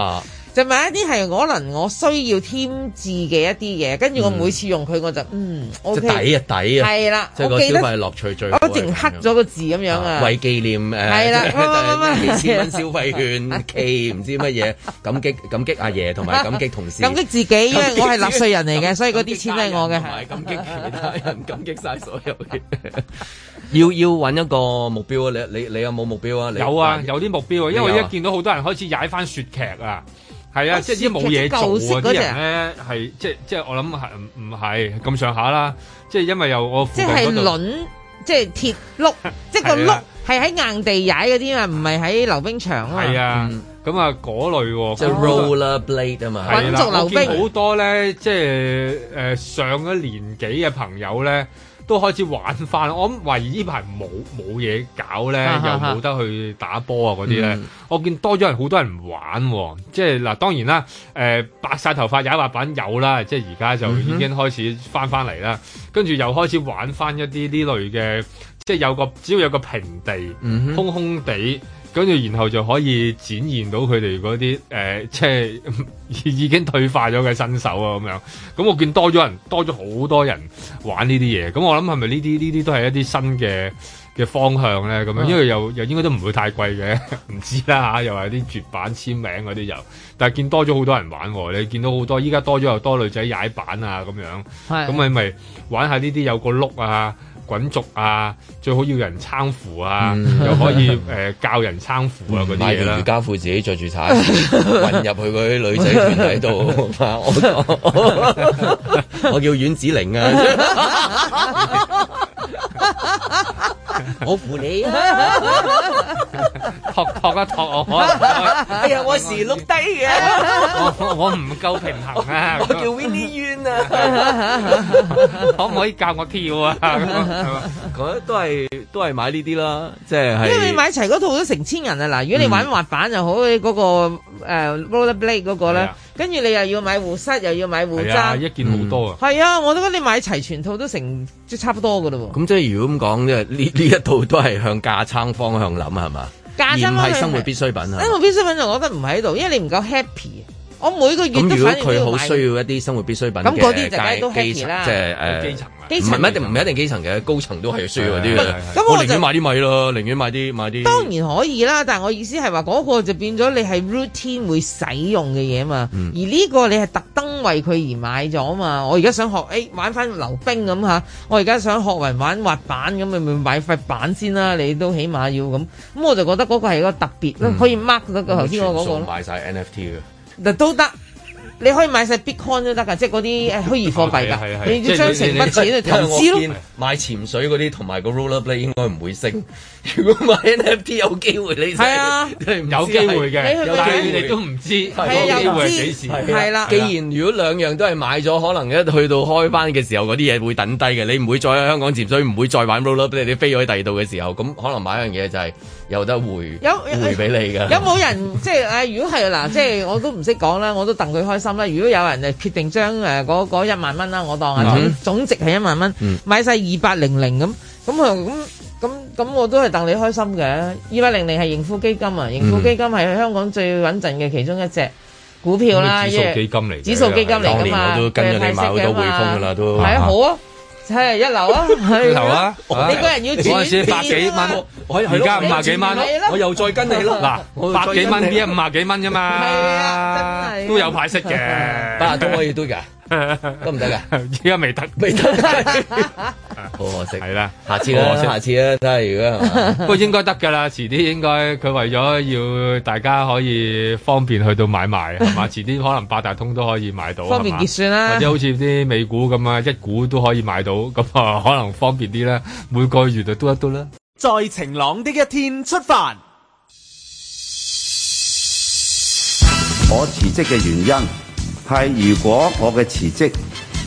就買一啲係可能我需要添置嘅一啲嘢，跟住我每次用佢我就嗯抵啊抵啊，係啦，即係嗰啲消費樂趣最，我淨係刻咗個字咁樣啊，為紀念誒，係啦，幾千蚊消費券，K 唔知乜嘢，感激感激阿爺同埋感激同事，感激自己，因為我係納稅人嚟嘅，所以嗰啲錢係我嘅，唔係感激其他人，感激晒所有嘅，要要揾一個目標啊！你你你有冇目標啊？有啊，有啲目標啊，因為一見到好多人開始踩返雪劇啊！係啊，即係啲冇嘢做嗰啲人咧，係即係即係我諗係唔係咁上下啦。即係因為又我即係輪，即係鐵碌， 即係個碌係喺硬地踩嗰啲嘛，唔係喺溜冰場啊。係啊，咁啊嗰類就 roller blade 啊嘛。滾軸溜冰，好多咧，即係誒、呃、上咗年紀嘅朋友咧。都開始玩翻，我諗懷疑呢排冇冇嘢搞咧，又冇 得去打波啊嗰啲咧。呢嗯、我見多咗人，好多人玩，啊，即係嗱，當然啦，誒、呃，白晒頭髮踩滑板有啦，即係而家就已經開始翻翻嚟啦，跟住、嗯、哼又開始玩翻一啲呢類嘅，即係有個只要有個平地，嗯、哼空空地。跟住然後就可以展現到佢哋嗰啲誒，即係 已經退化咗嘅身手啊咁樣。咁我見多咗人，多咗好多人玩呢啲嘢。咁我諗係咪呢啲呢啲都係一啲新嘅嘅方向咧？咁樣因為又又應該都唔會太貴嘅，唔知啦。又係啲絕版簽名嗰啲又但係見多咗好多人玩喎。你見到好多，依家多咗又多女仔踩板啊咁樣。咁是你咪玩下呢啲有個碌啊！滾軸啊！最好要人攙扶啊，又、嗯、可以誒、呃、教人攙扶啊嗰啲嘢啦。瑜伽褲自己着住踩， 混入去嗰啲女仔團喺度， 我叫阮子玲啊。 我扶你托托啊托 我可可！ 哎呀，我時碌低嘅 我唔夠平衡啊！ 我，我叫 Winnie Yuen 啊！ 可唔可以教我跳啊？佢 都係都係買呢啲啦，即、就、係、是、因為你買齊嗰套都成千人啊！嗱，如果你玩滑板就好，嗰、那個誒 roller blade 嗰個咧，嗯、跟住你又要買護膝，又要買護、係、啊、一件好多啊！係、嗯、啊，我都覺得你買齊全套都成即係差不多噶咯。咁即係如果咁講，即係呢一度都係向架撐方向諗係嘛？架撐係生活必需品啊！生活必需品就我覺得唔喺度，因為你唔夠 happy。我每個月都反而要買。咁如果佢好需要一啲生活必需品，咁嗰啲就梗係都基層啦，即係誒基層啦，唔一定唔一定基層嘅，高層都係需要嗰啲，咁我寧願買啲米咯，寧願買啲買啲。當然可以啦，但係我意思係話嗰個就變咗你係 routine 會使用嘅嘢啊嘛。而呢個你係特登為佢而買咗啊嘛。我而家想學誒玩翻溜冰咁嚇，我而家想學人玩滑板咁，你咪買塊板先啦。你都起碼要咁咁，我就覺得嗰個係一個特別可以 mark 嗰個頭先我嗰個買曬 NFT 嘅。那都大。你可以買晒 Bitcoin 都得㗎，即係嗰啲誒虛擬貨幣㗎。你將成筆錢去投資咯。買潛水嗰啲同埋個 Rollerblade 應該唔會升。如果買 NFT 有機會，你係啊，有機會嘅，你都唔知有機會係幾時。係啦，既然如果兩樣都係買咗，可能一去到開班嘅時候，嗰啲嘢會等低嘅，你唔會再喺香港潛水，唔會再玩 Rollerblade，你飛咗喺第二度嘅時候，咁可能買一樣嘢就係有得回，有回俾你㗎。有冇人即係如果係嗱，即係我都唔識講啦，我都戥佢開心。咁啦，如果有人誒決定將誒嗰一萬蚊啦，我當啊總、嗯、哼總值係一萬蚊，嗯、買晒二八零零咁，咁啊咁咁咁我都係戥你開心嘅，二八零零係盈富基金啊，盈富基金係香港最穩陣嘅其中一隻股票啦，一隻基金嚟，指數基金嚟。金金當年我都跟咗你買好多匯豐噶啦，都係啊好啊！係一流啊，一流啊！你個人要轉，我先百幾蚊，我而家五十幾蚊，我又再跟你咯。嗱，百幾蚊變五十幾蚊啫嘛，係啊，都有派息嘅，都可以堆噶。都唔得噶，而家未得，未得。好可惜係啦，下次可下次啦。 真係如果不過應該得噶啦，遲啲應該佢為咗要大家可以方便去到買賣，係嘛？遲啲可能八達通都可以買到，方便結算啦。或者好似啲美股咁啊，一股都可以買到，咁啊可能方便啲啦。每個月就嘟一嘟啦。在晴朗的一天出發。我辭職嘅原因。係如果我嘅辭職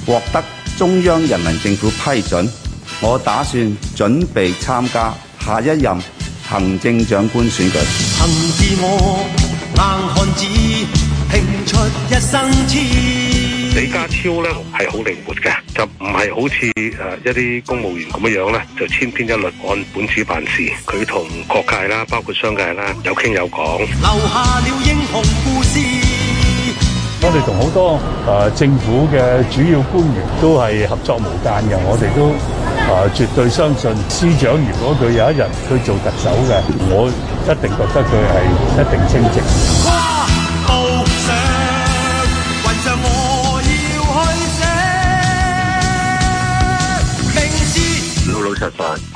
獲得中央人民政府批准，我打算準備參加下一任行政長官選舉。幸自我，硬漢子，拼出一生癡。李家超咧係好靈活嘅，就唔係好似誒一啲公務員咁樣樣咧，就千篇一律按本子辦事。佢同各界啦，包括商界啦，有傾有講。留下了英雄故事。我哋同好多誒政府嘅主要官員都係合作無間嘅，我哋都誒絕對相信司長，如果佢有一日去做特首嘅，我一定覺得佢係一定稱職。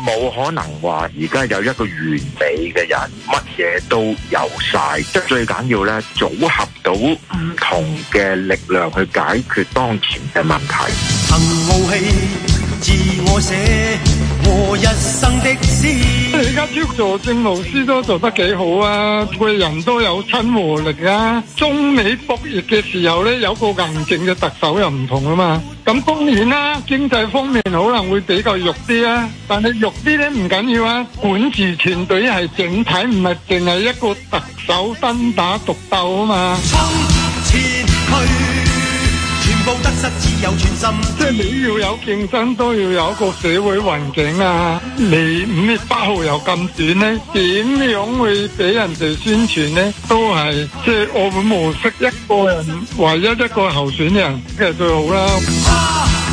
冇可能話而家有一個完美嘅人，乜嘢都有晒。最緊要咧，組合到唔同嘅力量去解決當前嘅問題。行武器、自我寫和一生的詩。你家超做政務司都做得幾好啊，佢人都有親和力啊。中美博弈嘅時候咧，有個硬正嘅特首又唔同啦嘛。咁當然啦，經濟方面可能會比較弱啲啊，但肉呢係弱啲咧，唔緊要啊，管治團隊係整體，唔係淨係一個特首單打獨鬥啊嘛。即係你要有競爭，都要有一個社會環境啊！你五月八號又咁短呢，點樣會俾人哋宣傳呢？都係即係我們無識一個人，唯一一個候選人，梗係最好啦。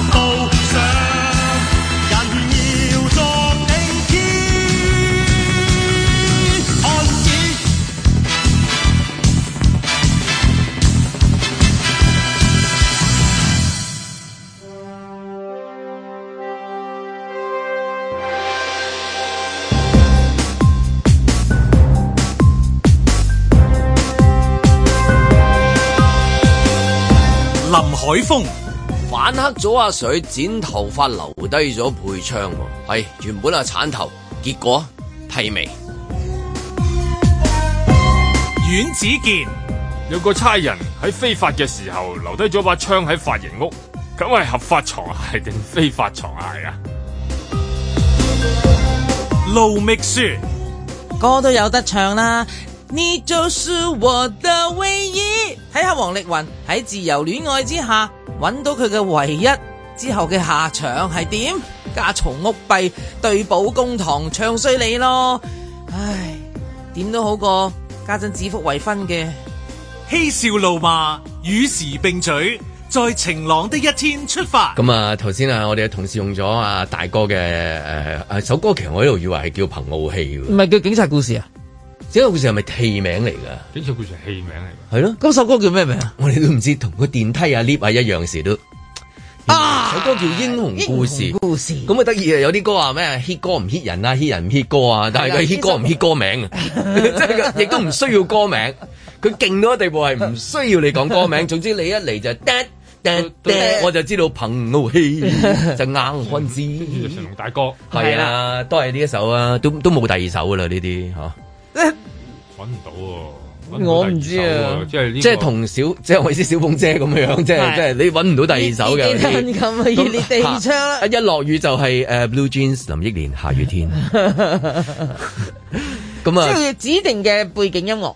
水風反黑咗阿水剪頭髮留低咗配槍，係、哎、原本係、啊、鏟頭，結果剃眉。阮子健有個差人喺非法嘅時候留低咗把槍喺髮型屋，咁係合法藏械定非法藏械啊？路覓書歌都有得唱啦。你就是我的唯一，睇下王力宏喺自由戀愛之下揾到佢嘅唯一之後嘅下場係點？家嘈屋閉，對簿公堂，唱衰你咯。唉，點都好過家陣指腹為婚嘅，嬉笑怒罵與時並舉，在晴朗的一天出發。咁啊，頭先啊，我哋嘅同事用咗啊，大哥嘅誒誒首歌，其實我喺度以為係叫憑傲氣，唔係叫警察故事啊。呢個故事係咪戲名嚟噶？呢個故事戲名嚟。係咯的，嗰首歌叫咩名啊？我哋都唔知，同個電梯啊 lift 啊一樣嘅事都。啊！首歌叫《英雄故事》。故事。咁啊得意啊！有啲歌話咩 hit 歌唔 hit 人啊，hit 人唔 hit 歌啊，的但係佢 hit 歌唔 hit 歌名，即係亦都唔需要歌名。佢勁到個地步係唔需要你講歌名，總之你一嚟就 d a d d a d d a d 我就知道憑怒氣就硬漢子。成龍 大哥。係啊，都係呢一首啊，都都冇第二首噶啦呢啲吓。搵唔 到啊，我唔知啊，即係即係同小即係我意思小鳳姐咁樣，即係即係你搵唔到第二首嘅啊，咁啊雨列第二槍，一落雨就係、是、誒、uh, Blue Jeans 林憶蓮下雨天，咁啊即係指定嘅背景音樂。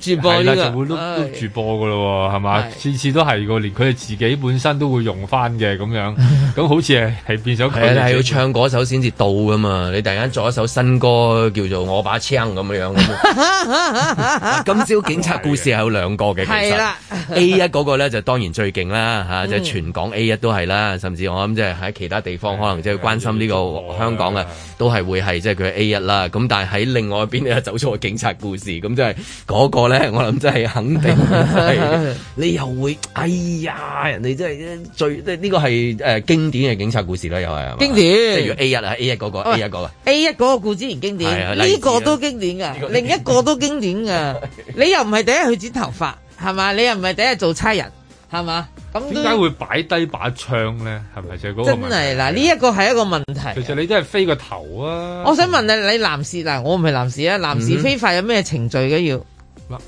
播啦，這個，就會碌碌住播噶咯，係嘛？次次都係個，連佢哋自己本身都會用翻嘅咁樣，咁好似係係變咗佢哋係要唱嗰首先至到噶嘛？你突然間做一首新歌叫做我把槍咁樣樣，樣 今朝警察故事係有兩個嘅，其實的 A 一嗰個咧就是，當然最勁啦吓，就是，全港 A 一都係啦，甚至我諗即係喺其他地方可能即係關心呢個香港呀，的都係會係即係佢 A 一啦。咁但係喺另外邊咧走錯警察故事，咁即係嗰個呢。我諗真係肯定，你又會哎呀，人哋真係最，即係呢個係誒經典嘅警察故事啦，又係經典，即係要 A 一啦，A 一嗰個 A 一嗰個 A 一嗰個故事然經典，呢個都經典噶，另一個都經典噶，你又唔係第一日去剪頭髮，係嘛？你又唔係第一日做差人係嘛？咁點解會擺低把槍咧？係咪就係嗰個真係嗱？呢一個係一個問題。其實你真係飛個頭啊！我想問你，你男士嗱，我唔係男士啊，男士飛髮有咩程序嘅要？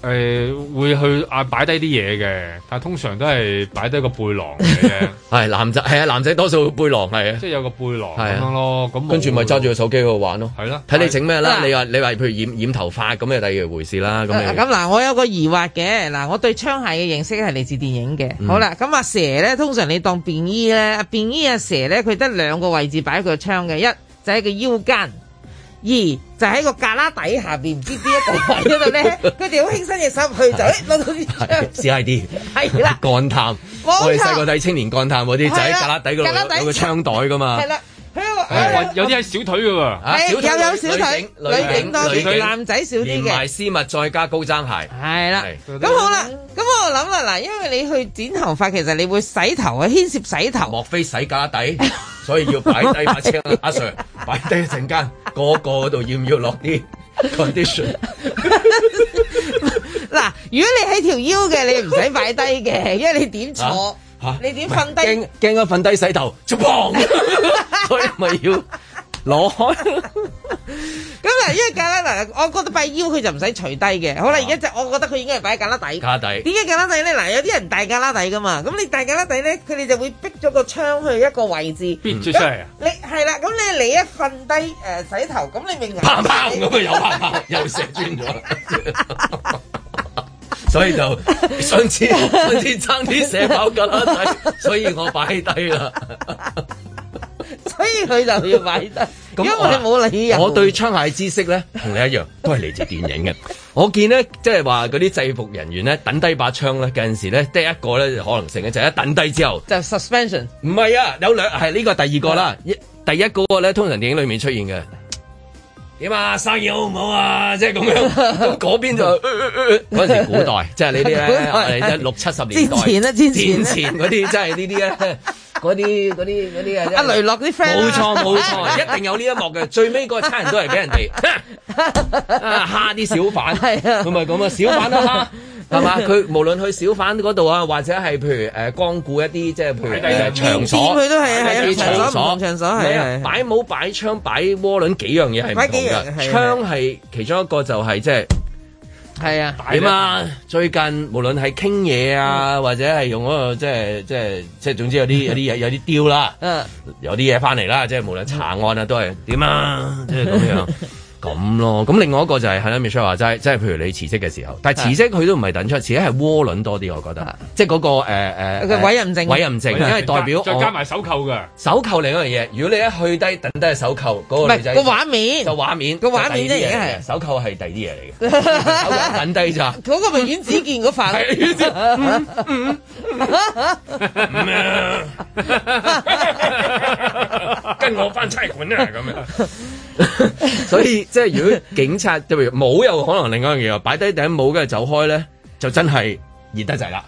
誒、欸，會去啊擺低啲嘢嘅，但係通常都係擺低個背囊嘅啫。係男仔係啊，男仔多數背囊係啊，即係有個背囊係咁咯。咁跟住咪揸住個手機喺度玩咯。係啦、啊，睇你整咩啦？你話你話，譬如染染，染頭髮咁，又第二回事啦。咁咁嗱，我有個疑惑嘅嗱、啊，我對槍械嘅認識係嚟自電影嘅。嗯、好啦，咁啊蛇咧，通常你當便衣咧，啊、便衣啊蛇咧，佢得兩個位置擺喺個槍嘅，一就喺個腰間。二就喺個旮旯底下邊唔知邊一度咧，佢哋好輕身嘅，手入去就攞到啲 CID，係啦，幹探，我哋細個睇青年幹探嗰啲仔旮旯底嗰度有個槍袋噶嘛，係啦，有啲係小腿嘅喎，又有有小腿，女警女警多啲，男仔少啲，連埋絲襪再加高踭鞋，係啦，咁好啦，咁我諗啦嗱，因為你去剪頭髮，其實你會洗頭啊，牽涉洗頭，莫非洗旮旯底？所以要擺低把車啊，阿、 啊、Sir！擺低一陣間，個個度要唔要落啲 condition？嗱， 如果你係條腰嘅，你唔使擺低嘅，因為你點坐？嚇、啊，你點瞓低？驚驚都瞓低洗頭，就砰！ 所以唔要攞開。 咁嗱， 因為架拉嗱，我覺得擺腰佢就唔使除低嘅。好啦，而家就我覺得佢應該係擺架拉底。底架底點解架拉底咧？嗱，有啲人戴架拉底㗎嘛，咁你戴架拉底咧，佢哋就會逼咗個窗去一個位置，逼唔、嗯、你出嚟啊！你係啦，咁你嚟一瞓低誒洗頭，咁你咪啪啪咁又啪又射穿咗， 所以就上次上次爭啲射爆架拉底，所以我擺低啦， 所以佢就要擺低。 因為冇理由，我對槍械知識咧，同你一樣，都係嚟自電影嘅。我見咧，即係話嗰啲制服人員咧，抌低把槍咧，有陣時咧，第一個咧，可能性咧，就一抌低之後就 suspension。唔係啊，有兩，係呢個第二個啦，一第一嗰個咧，通常電影裏面出現嘅。點啊，生意好唔好啊？即係咁樣，咁嗰邊就嗰陣時古代，即係呢啲咧，我哋六七十年代之前咧，戰前嗰啲，即係呢啲咧。嗰啲嗰啲嗰啲啊，一雷洛啲 friend，冇錯冇錯，一定有呢一幕嘅。最尾個差人都係俾人哋嚇啲小販，係啊，咁啊咁啊，小販都、啊、嚇，係嘛？佢無論去小販嗰度啊，或者係譬如誒、呃、光顧一啲即係譬如的場所，佢都係係場所場所係啊，擺帽擺槍擺鑊輪幾樣嘢係唔同嘅，槍係的其中一個就係即係。就是。係啊，點啊？最近無論係傾嘢啊，嗯、或者係用嗰個即係即係即係總之有啲有啲嘢有啲丟、嗯、啦，即係、嗯，有啲嘢翻嚟啦，即係無論查案啊都係點啊，即係咁樣。 咁咯，咁另外一個就係係啦，Michelle 話齋，即係譬如你辭職嘅時候，但係辭職佢都唔係等出，辭職係窩輪多啲，我覺得，即係嗰個誒委任證，委任證，因為代表再加埋手扣嘅手扣另一樣嘢，如果你一去低等低係手扣嗰個唔係個畫面，就畫面個畫面咧已經係手扣係第二啲嘢嚟嘅，等低咋嗰個永遠只見嗰塊，跟我翻差館啊咁樣，所以。即係如果警察冇有可能，另一樣嘢擺低頂帽跟住走開咧，就真係熱得滯啦！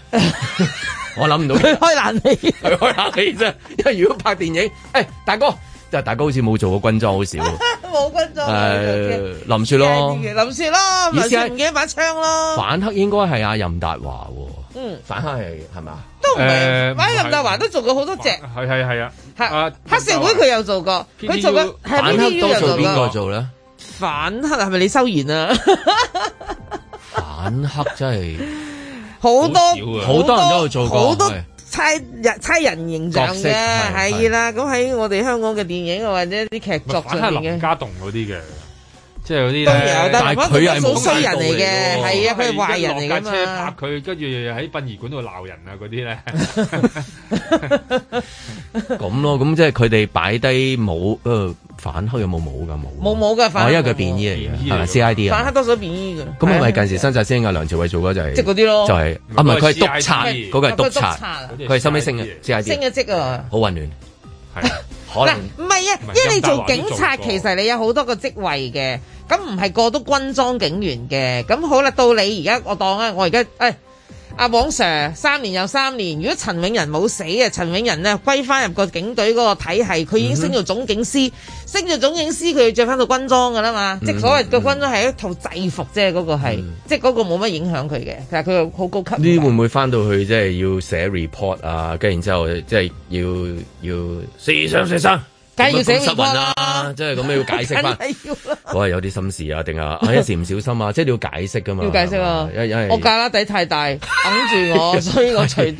我諗唔到佢開冷氣，佢開冷氣啫。因為如果拍電影，誒大哥，即係大哥好似冇做過軍裝好少冇軍裝，林雪咯，林雪咯，唔記得把槍咯。反黑應該係阿任達華喎，嗯，反黑係係咪都唔係，喂任達華都做過好多隻，係係係啊，黑社會佢有做過，佢做嘅反黑都做邊個做咧？反黑係咪你收完啊？反黑真係好多，好多人都有做過，好多差人差人形象嘅係啦。咁喺我哋香港嘅電影或者啲劇作上嘅，林家棟嗰啲嘅，即係嗰啲，但係佢係冇衰人嚟嘅。係啊，佢壞人嚟嘅。佢跟住喺殯儀館度鬧人啊，嗰啲咧，咁咯，咁即係佢哋擺低冇。反黑有冇帽噶冇？冇帽噶反，因為佢便衣嚟嘅，係咪 C I D？反黑多數都便衣嘅。咁咪近時新紮師兄啊，梁朝偉做嗰就係即嗰啲咯，就係啊，唔係佢係督察，嗰個係督察，佢係收尾升嘅 C I D。升咗職啊，好混亂。嗱，唔係啊，因為你做警察其實你有好多個職位嘅，咁唔係個都軍裝警員嘅，咁好啦，到你而家我當啊，我而家誒。阿黃 Sir 三年又三年，如果陳永仁冇死嘅，陳永仁咧歸翻入個警隊嗰個體系，佢已經升咗總警司，mm hmm. 升咗總警司佢要着翻個軍裝噶啦嘛，mm hmm. 即係所謂嘅軍裝係一套制服啫，嗰、嗰個係、mm hmm. 即係嗰個冇乜影響佢嘅，但係佢又好高級。呢會唔會翻到去即係要寫 report 啊？跟住然之後即係要要時尚時尚。梗係要失魂啦，即係咁樣要解釋翻。我係有啲心事啊，定 啊，我一時唔小心啊，即係你要解釋噶嘛。要解釋啊！我架拉底太大揞 住我，所以我除低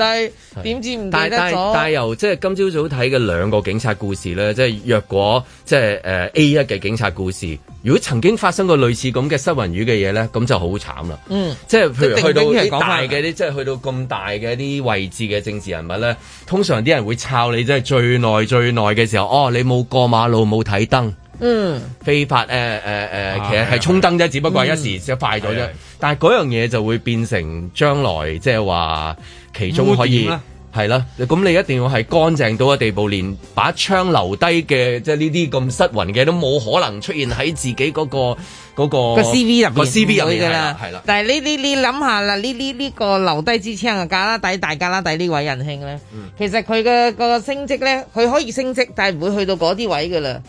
點知唔記得咗。但但但由即係今朝早睇嘅兩個警察故事咧，即係若果即係誒、呃、A 一嘅警察故事。如果曾經發生過類似咁嘅失魂魚嘅嘢咧，咁就好慘啦。嗯，即係譬如去到大嘅，啲即係去到咁大嘅一啲位置嘅政治人物咧，通常啲人會抄你，即係最耐最耐嘅時候，哦，你冇過馬路冇睇燈，嗯，非法誒誒誒，其實係衝燈啫，啊、只不過係一時即快咗啫。但係嗰樣嘢就會變成將來即係話其中可以。係啦，咁你一定要係乾淨到嘅地步，連把槍留低嘅，即係呢啲咁失魂嘅，都冇可能出現喺自己嗰、嗰個嗰、嗰個個 C V 入邊個 C V 入面噶啦。係啦，但係你你你諗下啦，呢呢呢個留低支槍嘅格拉弟大格拉弟呢位仁兄咧，嗯、其實佢嘅個升職咧，佢可以升職，但係唔會去到嗰啲位噶啦。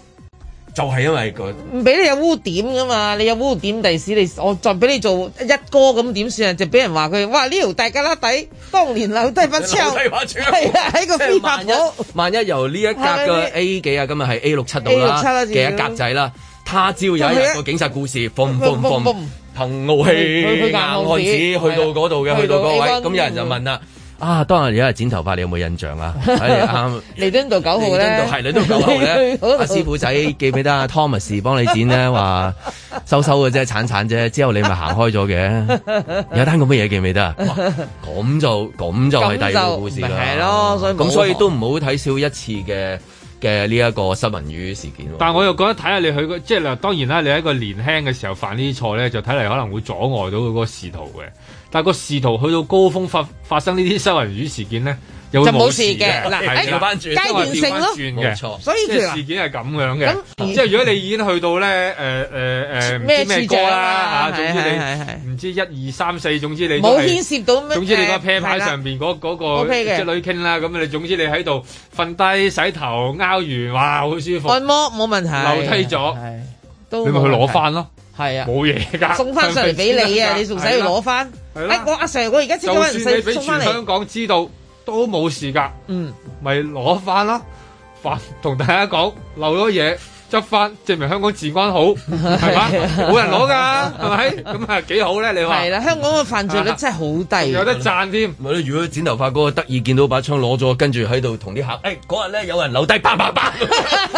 就係因為佢唔俾你有污點噶嘛，你有污點第時你我再俾你做一哥咁點算啊？就俾人話佢哇呢條大旮旯底，當年留低筆槍，低係啊喺個飛發股，萬一由呢一格嘅 A 幾啊，今日係 A 六七度啦，嘅一格仔啦，他朝有一個警察故事，放唔放放崩，憑傲氣硬漢子去到嗰度嘅，去到嗰位，咁有人就問啦。啊，當然，而家係剪頭髮，你有冇印象、哎、啊？係啱 。利敦九號咧，係利敦九號咧。阿、 啊、師傅仔記唔記得？阿 Thomas 幫你剪咧，話修修嘅啫，鏟鏟啫。之後你咪行開咗嘅。 有單咁乜嘢記唔記得啊？咁就咁就係第二個故事啦。係咯，所以咁所以都唔好睇少一次嘅嘅呢一個失文魚事件。但係我又覺得睇下你去，即係啦，當然啦，你喺一個年輕嘅時候犯呢啲錯咧，就睇嚟可能會阻礙到佢嗰個仕途嘅。但係個仕途去到高峰，發發生呢啲收銀員事件咧，又冇事嘅嗱，哎階段性咯，冇錯，所以事件係咁樣嘅，即係如果你已經去到咧，誒誒誒咩咩歌啦嚇，總之你唔知一二三四，總之你冇牽涉到咩，總之你個啤牌上邊嗰嗰個隻女傾啦，咁你總之你喺度瞓低洗頭，撓完哇好舒服，按摩冇問題，流低咗，你咪去攞翻咯，係啊，冇嘢㗎，送翻上嚟俾你啊，你仲使去攞翻？哎，我阿 Sir，我而家接嗰份信送翻嚟。全香港知道都冇事噶，嗯，咪攞翻咯，同大家講漏咗嘢。執翻證明香港治安好，係嘛？冇人攞㗎，係咪？咁係幾好咧？你話係啦，香港嘅犯罪率真係好低，有得賺添。如果剪頭髮嗰個得意見到把槍攞咗，跟住喺度同啲客，誒嗰日咧有人留低叭叭叭，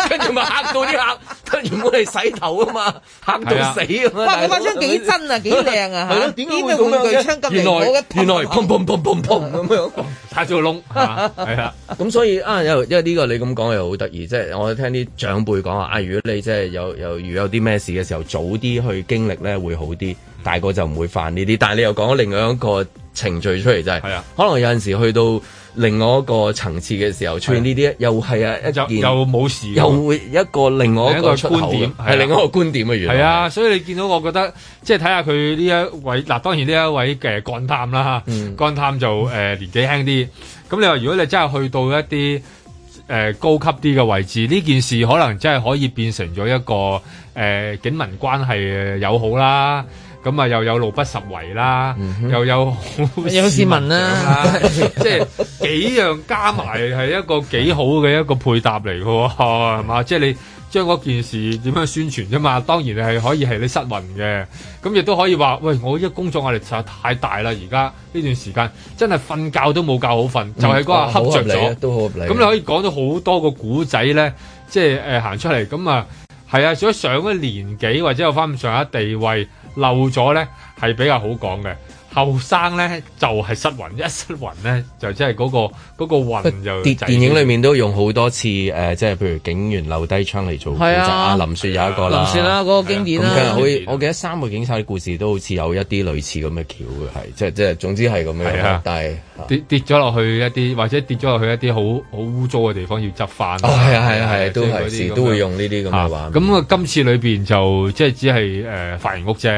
跟住咪嚇到啲客。跟住本嚟洗頭啊嘛，嚇到死咁。哇！你把槍幾真啊？幾靚啊？係咯，點解會咁樣嘅？原來原來砰砰砰砰砰咁樣打條窿。係啊，咁所以啊，因為呢個你咁講又好得意，即係我聽啲長輩講話。如果你即係有有如果有啲咩事嘅時候，早啲去經歷咧會好啲。大個就唔會犯呢啲。但係你又講咗另外一個程序出嚟就係、係，啊、可能有陣時去到另外一個層次嘅時候，出現呢啲、啊、又係啊一件又冇事，又會一個另外一個觀點係另外一個觀點嘅、啊。原來係啊，所以你見到我覺得即係睇下佢呢一位嗱、啊，當然呢一位嘅幹探啦，幹、呃、探就誒、呃、年紀輕啲。咁你話如果你真係去到一啲……誒、呃、高級啲嘅位置，呢件事可能真係可以變成咗一個誒、呃、警民關係友好啦，咁啊又有路不拾遺啦，嗯、哼又有有 市民啦、啊， 即係幾樣加埋係一個幾好嘅一個配搭嚟喎、啊，係咪？ 即係你。將嗰件事點樣宣傳啫嘛？當然係可以係你失魂嘅，咁亦都可以話：喂，我依個工作壓力實在太大啦！而家呢段時間真係瞓覺都冇覺好瞓，嗯、就係嗰個黑著咗。咁、哦、你可以講到好多個古仔咧，即係誒行出嚟咁、嗯、啊，係啊，所以上咗年紀或者有翻咁上下地位漏咗咧，係比較好講嘅。後生咧就係失魂，一失魂咧就即係嗰個嗰、嗰個、魂就跌、係。電影裏面都用好多次誒，即、呃、係譬如警員漏低槍嚟做。係啊，林雪有一個、啊、林雪啦，嗰、嗰個經典啦、啊。咁我，我記得三個警察嘅故事都好似有一啲類似咁嘅橋嘅，係即係即係總之係咁樣。啊、但係。跌跌咗落去一啲，或者跌咗落去一啲好好污糟嘅地方要執翻。哦，係啊，係啊，係，都係時都會用呢啲咁嘅話。咁啊，今次裏邊就即係只係誒髮型屋啫。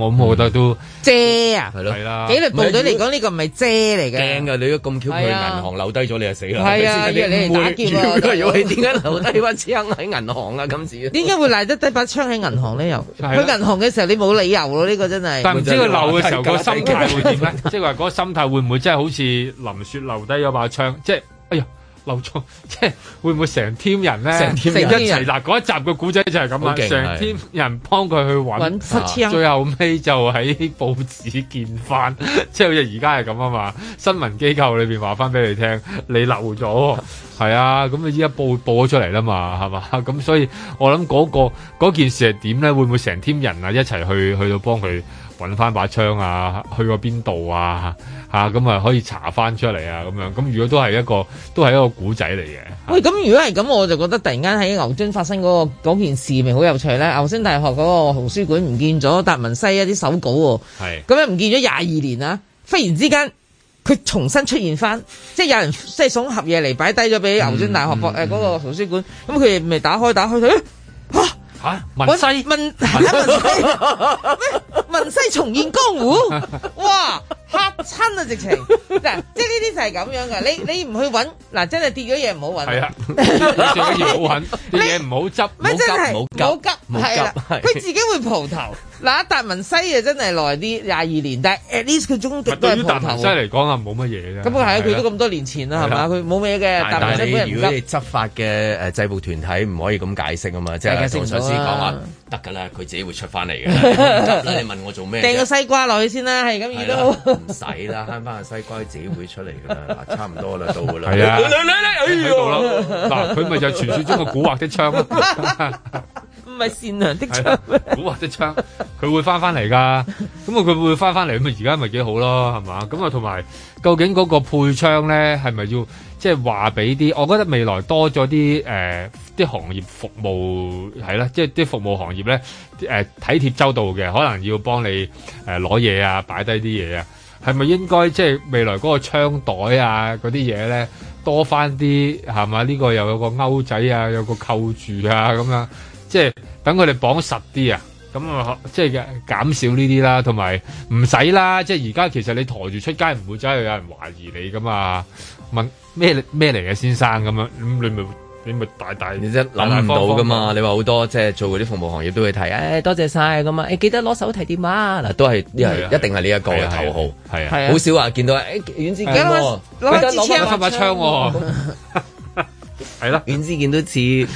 我咁，我覺得都遮啊，係咯。係啦，紀律部隊嚟講，呢個唔係遮嚟嘅。驚㗎，你都咁巧去銀行留低咗，你就死啦！係啊，你打劫點解留低把槍喺銀行啊？今次點解會賴得低把槍喺銀行咧？又去銀行嘅時候你冇理由咯，呢個真係。但係唔知佢留嘅時候個心態會點咧？即係話嗰個心態會唔會真係好似？林雪留低咗把槍，即係哎呀，留咗，即係會唔會成添人咧？成添人一齊嗱，嗰人、啊、一集嘅古仔就係咁啊，成添人幫佢去揾七槍、啊，最後尾就喺報紙見翻， 即係好似而家係咁啊嘛，新聞機構裏邊話翻俾你聽，你留咗，係 啊，咁你依家報報咗出嚟啦嘛，係嘛，咁所以我諗嗰、那個嗰件事係點咧？會唔會成添人啊一齊去去到幫佢？揾翻把槍啊！去過邊度啊？嚇咁啊，可以查翻出嚟啊！咁樣咁，如果都係一個都係一個古仔嚟嘅。喂，咁如果係咁，我就覺得突然間喺牛津發生嗰個嗰件事，咪好有趣咧！牛津大學嗰個圖書館唔見咗達文西一啲手稿喎、哦。咁是，又唔見咗廿二年啦，忽然之間佢重新出現翻，即係有人即係送盒嘢嚟擺低咗俾牛津大學博誒嗰個圖書館，咁佢咪打開打開佢。哎吓，文西文文西，文西重現江湖，哇，嚇親啊直情，即係呢啲就係咁樣噶，你你唔去揾，嗱真係跌咗嘢唔好揾，係啊，唔好揾，啲嘢唔好執，唔好急，唔好急，唔好急，佢自己會蒲頭，嗱，達文西啊，真係耐啲廿二年，但係 at least 佢終極都係蒲頭。對於達文西嚟講啊，冇乜嘢嘅。咁係，佢都咁多年前啦，係嘛，佢冇咩嘅，但係如果你執法嘅誒制服團體唔可以咁解釋啊嘛，即係。啲講下，得噶啦，佢、啊、自己會出翻嚟嘅。唔急啦，你問我做咩？掟個西瓜落去先啦，係咁易都唔使啦，慳翻個西瓜自己會出嚟噶啦。差唔多啦，到噶啦。係啊，嗱，佢咪、嗯嗯嗯啊、就係傳說中嘅蠱惑啲槍。 係咪善良的槍， 哦、的好啊！的槍，佢會翻翻嚟噶。咁啊，佢會翻翻嚟，咁啊，而家咪幾好咯，係嘛？咁啊，同埋，究竟嗰個配槍咧，係咪要即係話俾啲？我覺得未來多咗啲誒，啲、呃、行業服務係啦，即係啲服務行業咧，誒、呃，體貼周到嘅，可能要幫你誒攞嘢啊，擺低啲嘢啊，係咪應該即係、就是、未來嗰個槍袋啊，嗰啲嘢咧多翻啲係嘛？呢、這個又有個勾仔啊，有個扣住啊，咁樣。即係等佢哋綁實啲啊，咁啊即係減少呢啲啦，同埋唔使啦。即係而家其實你抬住出街唔會真係有人懷疑你噶嘛？問咩咩嚟嘅先生咁樣，咁你咪你咪大大諗唔到噶嘛？你話好多即係做嗰啲服務行業都會提，誒、哎、多謝晒咁、哎、啊！誒記得攞手提電話嗱，都係因為一定係呢一個頭號係、哎、啊，好少話見到阮志健攞支槍、啊，攞把槍係、啊、啦，阮志健都似。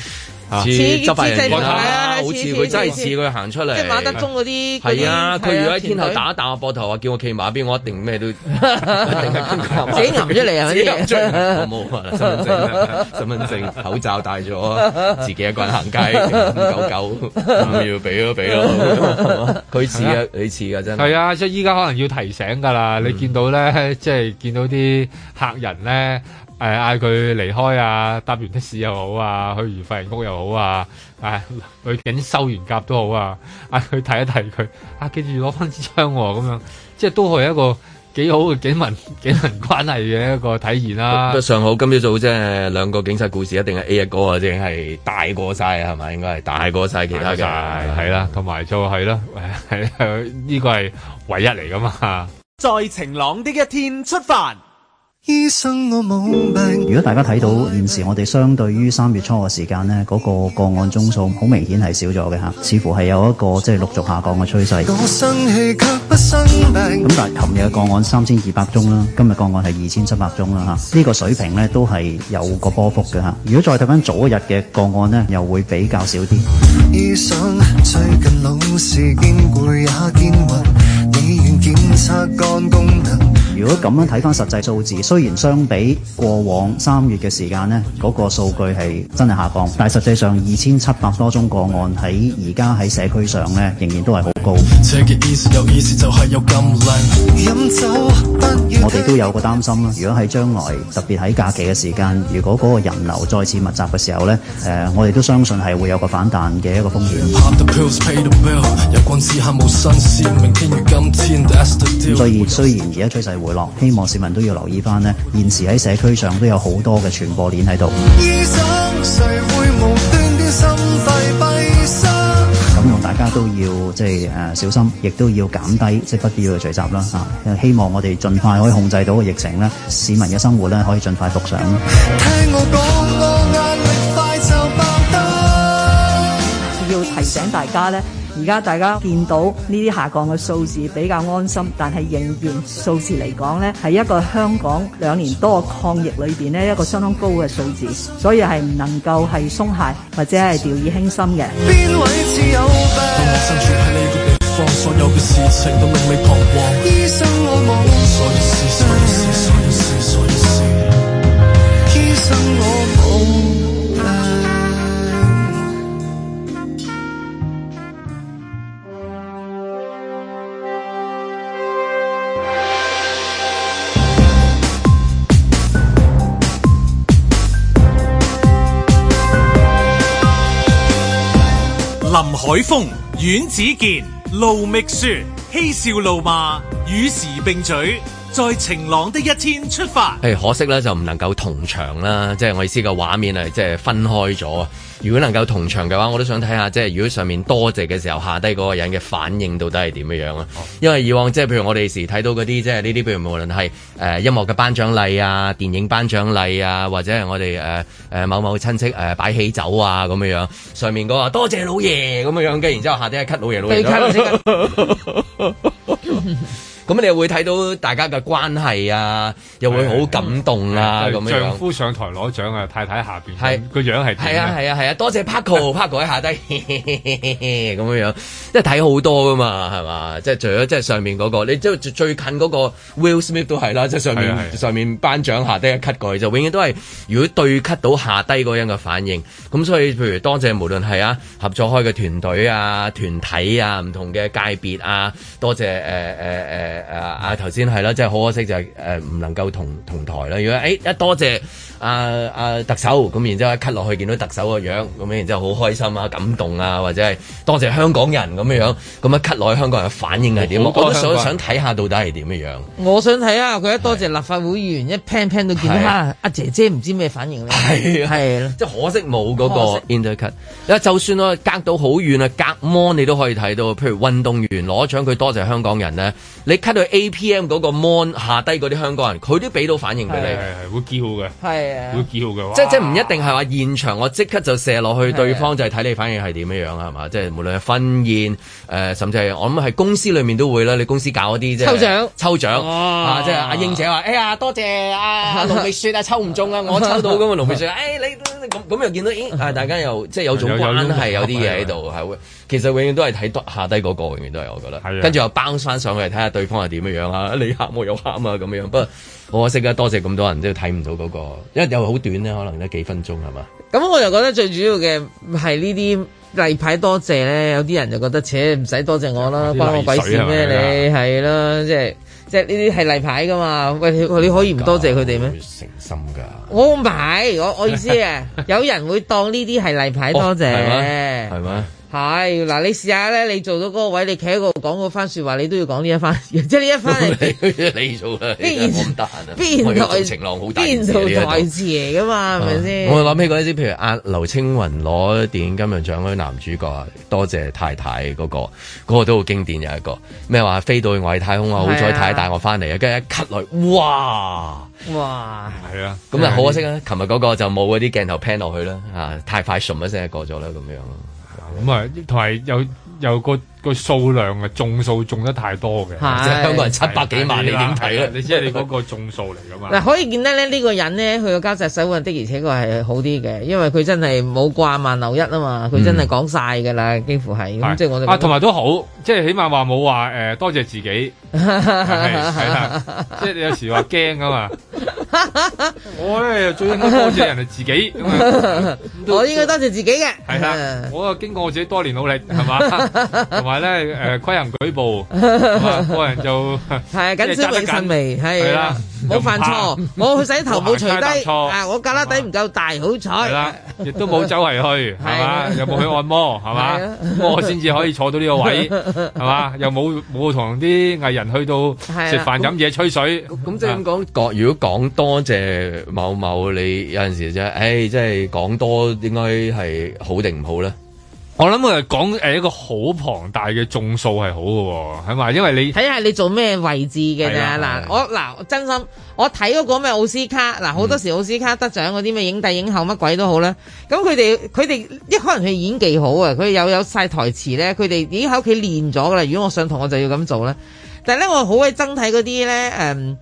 似執法人員啦，好似佢真係似佢行出嚟，即馬德鐘嗰啲。係啊，佢如果喺天台打一打個膊頭啊，叫我企馬邊，我一定咩都，自己揞出嚟啊！紙巾，我冇身份證、身份證、口罩戴咗，自己一個人行街，唔夠救，要俾咯俾咯。佢似啊，你似啊，真係。係啊，即而家可能要提醒㗎啦。你見到咧，即係見到啲客人咧。誒，嗌佢離開啊，搭完的士又好啊，去完髮型屋又好啊，誒、哎，去影修完甲都好啊，嗌佢睇一睇佢，啊，記住攞翻支槍咁樣，即係都係一個幾好嘅警民警民關係嘅一個體現啦、啊。上好，今朝早即係兩個警察故事，一定係 A 一個啊，即係大過晒啊，係咪？應該係大過晒其他嘅係啦，同埋就係、是、咯，係呢個係唯一嚟噶嘛 再晴朗啲嘅天出發。如果大家睇到現時我哋相對於三月初嘅時間呢，嗰個個案宗數好明顯係少咗嘅吓，似乎係有一個即係陸續下降嘅趨勢。咁但係琴日嘅個案三千二百宗啦，今日個案係二千七百宗啦吓，呢個水平呢都係有個波幅嘅吓。如果再睇翻早一日嘅個案呢，又會比較少啲。醫生，最近老是也你願檢測肝功能。如果咁樣睇返實際數字，雖然相比過往三月嘅時間，呢嗰個數據係真係下降，但係實際上二千七百多宗個案喺而家喺社區上咧，仍然都係好高嘅。我哋都有個擔心啦。如果喺將來特別喺假期嘅時間，如果嗰個人流再次密集嘅時候呢，呃，我哋都相信係會有個反彈嘅一個風險。所以雖然而家趨勢回落，希望市民都要留意翻呢。現時喺社區上都有好多嘅傳播鏈喺度，咁希望大家都要即係誒小心，亦都要減低即係不必要嘅聚集啦嚇、啊啊。希望我哋盡快可以控制到個疫情咧，市民嘅生活咧可以盡快復上。聽我講,我壓力快就爆要提醒大家咧。而家大家見到呢啲下降嘅數字比較安心，但係仍然數字嚟講咧，係一個香港兩年多嘅抗疫裏邊咧一個相當高嘅數字，所以係唔能夠係鬆懈或者係掉以輕心嘅。 海風、阮子健、盧覓雪、嬉笑怒罵，與時並舉，在晴朗的一天出發。誒、欸，可惜咧就唔能夠同場啦，即、就、係、是、我意思個畫面係即係分開咗。如果能夠同場嘅話，我都想睇下即係如果上面多謝嘅時候，下低嗰個人嘅反應到底係點樣樣啊？Oh. 因為以往即係譬如我哋時睇到嗰啲即係呢啲，譬如無論係誒、呃、音樂嘅頒獎禮啊、電影頒獎禮啊，或者係我哋誒誒某某親戚誒、呃、擺喜酒啊咁樣樣，上面嗰個講多謝老爺咁樣樣嘅，然之後下低一咳老爺老爺。 咁你又會睇到大家嘅關係啊，又會好感動啊咁樣。丈夫上台攞獎啊，太太下邊，的個樣係點咧？啊係啊係啊，多謝 Paco，Paco 喺下低，咁 樣樣，即係睇好多噶嘛，係嘛？即係除咗即係上面嗰、嗰個，你即係最近嗰個 Will Smith 都係啦，即係上面的上面頒獎下低一 cut 過去，就永遠都係如果對 cut 到下低嗰樣嘅反應。咁所以譬如多謝無論係啊合作開嘅團隊啊、團體啊、唔同嘅界別啊，多謝誒誒誒。呃呃呃呃。誒誒頭先係啦，即係好可惜，就是，就係誒唔能夠同同台啦。如果誒一多謝阿阿、啊啊、特首咁，然之後一 cut 落去見到特首個樣咁，然之後好開心啊、感動啊，或者係多謝香港人咁樣樣，咁一 cut 落去香港人嘅反應係點？我想想睇下到底係點嘅樣。我想睇下佢一多謝立法會議員是一 pan pan 都見到是啊阿姐姐唔知咩反應咧？係咯，即係可惜冇嗰個 intercut。就算我隔到好遠啊，隔摩你都可以睇到，譬如，如運動員攞獎，佢多謝香港人咧。你 cut 到 A P M 嗰個 mon 下低嗰啲香港人，佢都俾到反應俾你，係係會幾好嘅，係啊會幾好嘅，即係即係唔一定係話現場我即刻就射落去對方，就係睇你反應係點樣樣係嘛？即係無論係婚宴，誒甚至係我諗係公司裡面都會啦，你公司搞嗰啲即抽獎抽獎即係阿英姐話：哎呀多謝啊盧美雪啊抽唔中啊，我抽到咁啊，盧美雪，哎你咁咁又見到咦？大家又即係有種關係有啲嘢喺度係會。其實永遠都係睇下低嗰個，永遠都係我覺得。跟住的又 bounce 翻上去睇下對方係點嘅樣啊，你喊我又喊啊咁樣。不過好可惜啊，多謝咁多人都睇唔到嗰個，因為又好短咧，可能咧幾分鐘係嘛。咁我就覺得最主要嘅係呢啲例牌多謝咧，有啲人就覺得，扯唔使多謝我啦，關我鬼事咩你係啦，即係即係呢啲係例牌噶嘛。喂，你你可以唔多謝佢哋咩？誠心噶，我唔係我我意思嘅， 有人會當呢啲係例牌多謝，係咩、哦？係嗱， 你試下咧，你做到嗰個位，你企喺度講嗰番説話，你都要講呢一番，即係呢一番係 你做啦，必然唔得閒啊！必然做情浪，必然做台詞嚟噶嘛，係咪先？啊啊、我諗起嗰啲譬如阿劉青雲攞電影金像獎嗰啲男主角啊，多謝太太嗰、嗰個，嗰、嗰個都好經典又一個。咩話飛到外太空太太啊？好彩太太帶我翻嚟啊，跟住一 cut 落，哇哇，係啊！咁啊，好、啊啊、可惜啊！琴日嗰個就冇嗰啲鏡頭 pan 落去啦，嚇、啊、太快，順一聲過咗啦，咁樣。咁啊，同埋有有個有個數量啊，中數中得太多嘅，即係香港人七百幾萬你、啊，你點睇咧？你即係你嗰個中數嚟噶嘛？嗱，可以見得咧，呢個人咧，佢嘅交涉手腕的而且確係好啲嘅，因為佢真係冇掛萬留一啊嘛，佢真係講晒噶啦，幾乎係，即係我啊，同埋都好，即係起碼話冇話誒，多謝自己，係啦，即係你有時話驚啊嘛。 我咧最應該多謝人哋自己，我應該多謝自己嘅。係啦、啊，我又經過我自己多年努力，係嘛，同埋咧誒，規、呃、人舉報，個 人就係減少佢信微，係、 啊嗯嗯嗯、啦。冇犯錯，冇 洗頭冇除低啊！我架拉底唔夠大，好彩，亦、 啊、都冇周圍去係嘛， 又冇去按摩係嘛，我先至可以坐到呢個位係嘛，又冇冇同啲藝人去到食飯飲嘢吹水。咁即係講講，如果講多謝某某，你有陣時即係，誒，即係講多應該係好定唔好咧？我諗我係講誒一個好龐大嘅眾數係好嘅，係嘛？因為你睇下你做咩位置嘅啫。嗱、啊，我嗱，真心我睇嗰個咩奧斯卡，嗱，好多時奧斯卡得獎嗰啲咩影帝影后乜鬼都好咧。咁佢哋佢哋一可能佢演技好啊，佢有有晒台詞咧，佢哋已經喺屋企練咗噶啦。如果我上台我就要咁做啦。但係咧，我好鬼憎睇嗰啲咧誒。嗯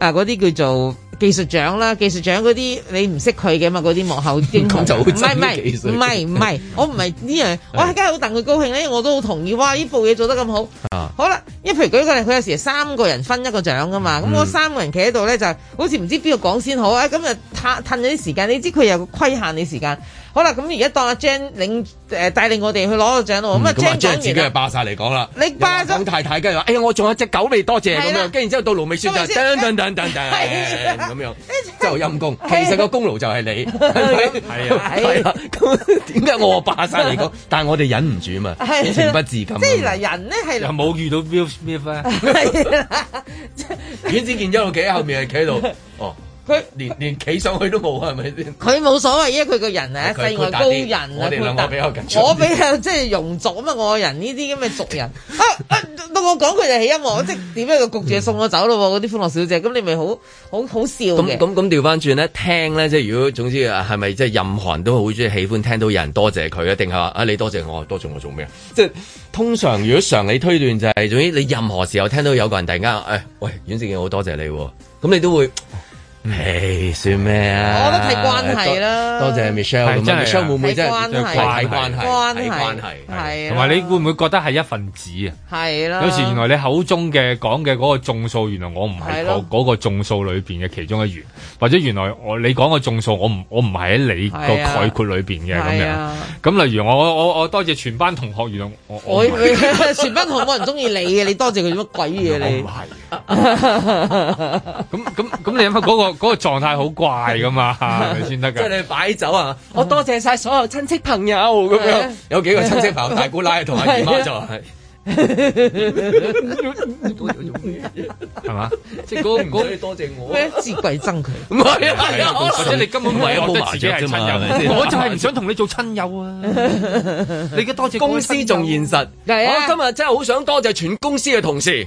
啊！嗰啲叫做技術獎啦，技術獎嗰啲你唔識佢嘅嘛，嗰啲幕後英雄唔係唔係唔係唔係， 我唔係呢樣， 我喺而家好戥佢高興咧，我都好同意，哇！呢部嘢做得咁好，啊、好啦，一譬如舉個例，佢有時三個人分一個獎噶嘛，咁我、嗯、三個人企喺度咧，就好似唔知邊個講先好啊，咁啊，褪褪咗啲時間，你知佢有個規限你時間。好啦，咁而家當阿 Jan 領誒帶領我哋去攞個獎攞，咁啊 Jan 講完，自己又霸曬嚟講啦。你霸咗太太，跟住話：哎呀，我仲有隻狗未多謝咁樣。跟住之後到盧美雪就等等等等等噔咁樣，就陰功。其實個功勞就係你，係啊，係啦。咁點解我話霸曬嚟講？但係我哋忍唔住啊嘛，情不自禁。即係嗱，人咧係又冇遇到 Will Smith 啊。係啊，點知見咗企喺後面係企喺度哦。佢連連企上去都冇啊，係咪先？佢冇所謂，因為佢個人啊，世外高人，我哋兩個比較緊張啊，我比較即係庸俗，咁啊，我人呢啲咁嘅俗人啊，到我講佢哋起音樂，即係點咧？個局長送我走咯，嗰啲歡樂小姐，咁你咪好好好笑。咁咁咁調翻轉咧，聽咧，即係如果總之係咪即係任何人都好中意喜歡聽到有人多謝佢啊？定係話啊你多謝我，多謝我做咩啊？即係通常如果常理推斷就係，總之你任何時候聽到有個人突然間誒喂，阮正儀好多謝你，咁你都會。唉，算咩啊？我覺得係關係啦。多謝 Michelle，真係 Michelle 會唔會真係怪關係？係關係，係同埋你會唔會覺得係一份子啊？係啦。有時原來你口中嘅講嘅嗰個眾數，原來我唔係嗰嗰個眾數裏邊嘅其中一員，或者原來我你講嘅眾數，我唔我唔係喺你個概括裏邊嘅咁樣。咁例如我我我多謝全班同學，原來我我全班同學冇人中意你嘅，你多謝佢做乜鬼嘢你？咁咁咁，你諗下個嗰個狀態好怪噶嘛？係咪先得噶？即係你擺酒啊！我多謝晒所有親戚朋友咁樣，有幾個親戚朋友大姑奶同埋姨媽就係，係嘛？即係嗰嗰啲多謝我，知貴憎佢係啊！或者你根本都冇得自己係親友，我就係唔想同你做親友啊！你而家多謝公司仲現實，我今日真係好想多謝全公司嘅同事。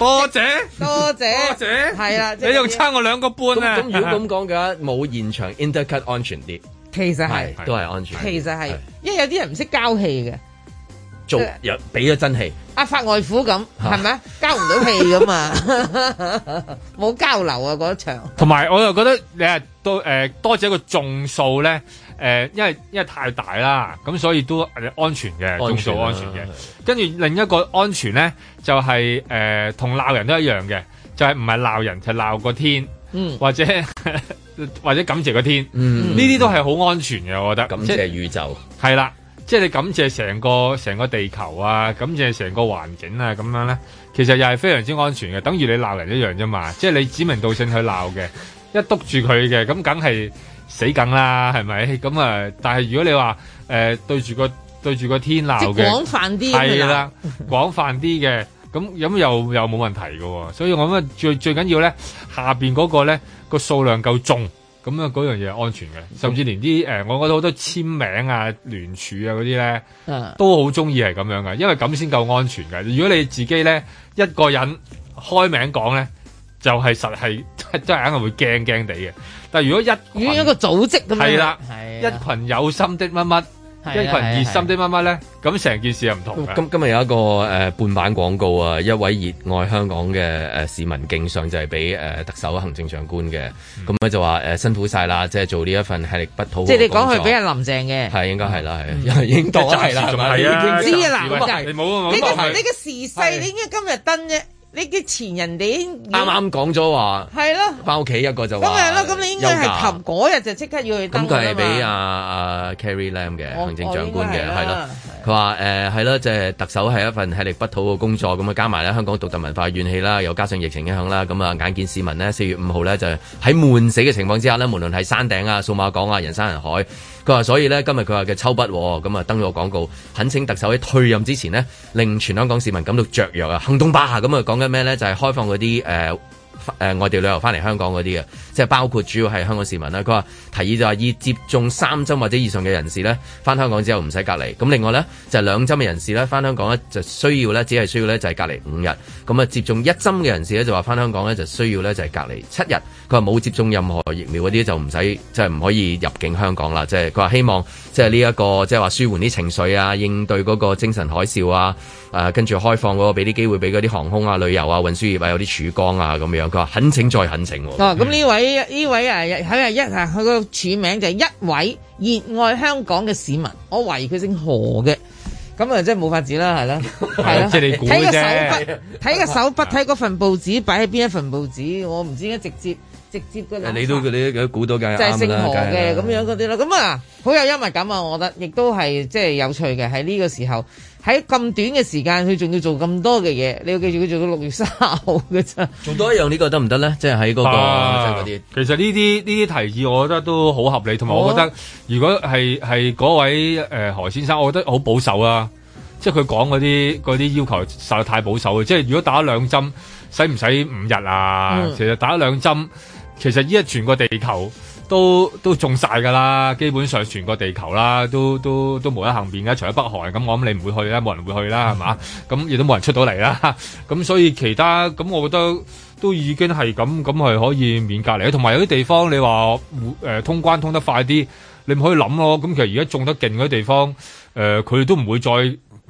多謝多謝多謝，係啦，你仲差我兩個半啊！ 咁如果咁講嘅話，冇現場 intercut 安全啲，其實係 都係安全。其實係，啊、因為有啲人唔識交戲嘅，做又俾咗真氣，阿發、啊、外父咁係咪交唔到戲噶嘛，冇 交流啊！嗰場，同埋我又覺得你係多誒，多謝個眾數咧。誒，因為因為太大啦，咁所以都安全嘅，重度安全嘅、啊。全跟住另一個安全呢，就係、是、誒，同、呃、鬧人都一樣嘅，就係唔係鬧人，就鬧、是、個天，嗯、或者 或者感謝個天，呢啲、嗯嗯嗯嗯、都係好安全嘅，我覺得。感謝宇宙。係啦，即係、就是、你感謝成個成個地球啊，感謝成個環境啊，咁樣呢，其實又係非常之安全嘅，等於你鬧人一樣啫嘛，即、就、係、是、你指名道姓去鬧嘅，一篤住佢嘅，咁梗係。死梗啦，係咪？咁啊，但係如果你話誒、呃、對住個對住個天鬧嘅，廣泛啲係啦，廣對泛啲嘅，咁咁 又又冇問題嘅、哦。所以我覺得最最緊要咧，下邊嗰個咧個數量夠重，咁樣嗰樣嘢係安全嘅。甚至連啲誒、呃，我覺得好多簽名啊、聯署啊嗰啲咧， 都好中意係咁樣嘅，因為咁先夠安全嘅。如果你自己咧一個人開名講咧，就係、是、實係真係硬係會驚驚地嘅。但係如果一羣一個組織咁樣，係啦，一群有心的乜乜，一群熱心的乜乜咧，咁成件事又唔同嘅。今日有一個誒半版廣告啊，一位熱愛香港嘅誒市民敬上，就係俾誒特首行政長官嘅，咁咧就話誒辛苦晒啦，即係做呢一份吃力不討好，即係你講佢俾人林鄭嘅，係應該係啦，係因為應當係啦，係啊，你知嘅啦，應當你嘅你嘅時勢，你應該今日登啫？你嘅前人哋啱啱講咗話，係咯，翻屋企一個就話，咁咪咯，咁你價應該係琴嗰日就即刻要去咁佢係俾阿 Carrie Lam 嘅我行政長官嘅，係咯，佢話誒係咯，即係的、呃就是、特首係一份吃力不討嘅工作，咁啊加埋咧香港獨特文化怨氣啦，又加上疫情影響啦，咁啊眼見市民呢，四月五號咧就喺悶死嘅情況之下呢無論係山頂啊、數碼港啊、人山人海。佢話：他說，所以咧，今日佢話嘅抽筆，咁、嗯、啊登咗個廣告，懇請特首喺退任之前呢，令全香港市民感到雀躍啊！行動吧！咁啊講緊咩咧？就係、是、開放嗰啲誒，外地旅遊翻嚟香港嗰啲嘅，即係包括主要係香港市民啦。佢話提議就話，已接種三針或者以上嘅人士呢，翻香港之後唔使隔離。咁另外呢，就係兩針嘅人士呢，翻香港呢就需要呢，只係需要呢，就係隔離五日。咁啊，接種一針嘅人士呢就話翻香港呢就需要呢，就係隔離七日。佢話冇接種任何疫苗嗰啲就唔使，即係唔可以入境香港啦。即係佢話希望即係呢、這個、一個即係話舒緩啲情緒啊，應對嗰個精神海嘯啊。誒，跟住開放嗰、那個，俾啲機會俾嗰啲航空啊、旅遊啊、運輸業啊有啲曙光啊咁樣。懇請再懇請。哦，咁、嗯、呢、嗯、位呢位啊喺啊一啊，佢個署名就係一位熱愛香港嘅市民，我懷疑佢姓何嘅。咁啊，真係冇法子啦，係啦，係啦。 睇個手筆，睇個手筆，睇嗰份報紙擺喺邊一份報紙，我唔知點解直接直接你都你都估到嘅，就係姓何嘅咁然然樣嗰啲啦。咁啊，好有幽默感啊！我覺得，亦都係即係有趣嘅喺呢個時候。喺咁短嘅時間，佢仲要做咁多嘅嘢，你要記住佢做到六月三號嘅啫。做多一樣呢個得唔得咧？即係喺嗰個啲。其實呢啲呢啲提議，我覺得都好合理。同埋我覺得，哦、如果係係嗰位誒、呃、何先生，我覺得好保守啊。即係佢講嗰啲啲要求實在太保守嘅。即係如果打兩針，使唔使五日啊？嗯、其實打兩針，其實依家全個地球。都都中曬㗎啦，基本上全個地球啦，都都都無得幸免㗎，除咗北韓咁，我諗你唔會去啦，冇人會去啦，係嘛？ 咁亦都冇人出到嚟啦。咁 所以其他咁，我覺得都已經係咁咁係可以免隔離。同埋有啲地方你話誒、呃、通關通得快啲，你唔可以諗咯。咁其實而家種得勁嗰啲地方，誒、呃、佢都唔會再。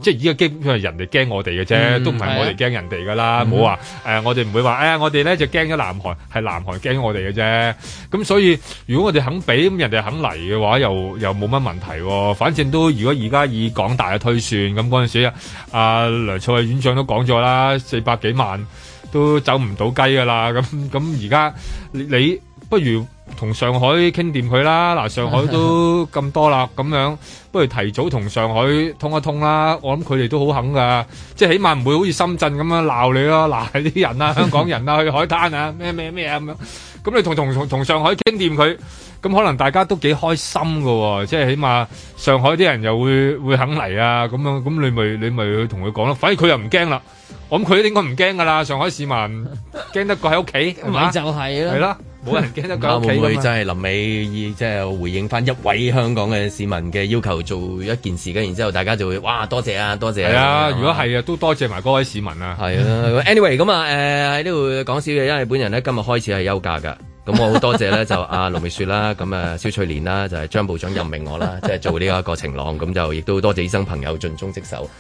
即係而家基本上人哋驚我哋嘅啫，嗯、都唔係我哋驚人哋㗎啦。冇話誒，我哋唔會話，哎我哋咧就驚咗南韓，係南韓驚我哋嘅啫。咁所以如果我哋肯俾，咁人哋肯嚟嘅話，又又冇乜問題喎、哦。反正都如果而家以港大嘅推算，咁嗰陣時啊，啊、呃、梁卓偉院長都講咗啦，四百幾萬都走唔到雞㗎啦。咁咁而家你。你不如同上海傾掂佢啦，嗱上海都咁多啦，咁樣不如提早同上海通一通啦。我諗佢哋都好肯噶，即係起碼唔會好似深圳咁樣鬧你咯，嗱啲人啦，香港人啦，去海灘啊，咩咩咩啊咁樣。咁你同同同上海傾掂佢，咁可能大家都幾開心噶，即係起碼上海啲人又會會肯嚟啊，咁樣咁你咪你咪去同佢講咯。反而佢又唔驚啦，我諗佢應該唔驚噶啦，上海市民驚得過喺屋企，咪就係咯，係啦。冇人見得咁企，會唔會真係臨尾即係回應翻一位香港嘅市民嘅要求做一件事？跟住然之後大家就會哇多謝啊，多謝！啊，啊吧如果係啊，都多謝埋嗰位市民啊。係 啊，anyway 咁啊誒喺呢度講少嘢，因為本人咧今日開始係休假㗎。咁我好多謝咧 就阿、啊、盧美雪啦，咁啊蕭翠蓮啦，就係、是、張部長任命我啦，即、就、係、是、做呢一個晴朗。咁就亦都多謝醫生朋友盡忠職守。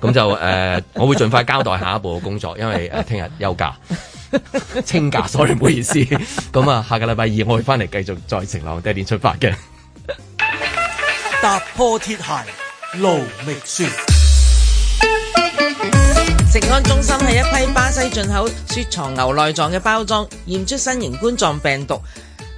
咁就誒、呃，我會盡快交代下一步嘅工作，因為誒聽日休假。 清假所以唔好意思。咁啊， 下個禮拜二我會翻嚟繼續再晴朗嘅一天出發嘅。 踏破鐵鞋路覓雪， 食安中心係一批巴西進口雪藏牛內臟嘅包裝，驗出新型冠狀病毒。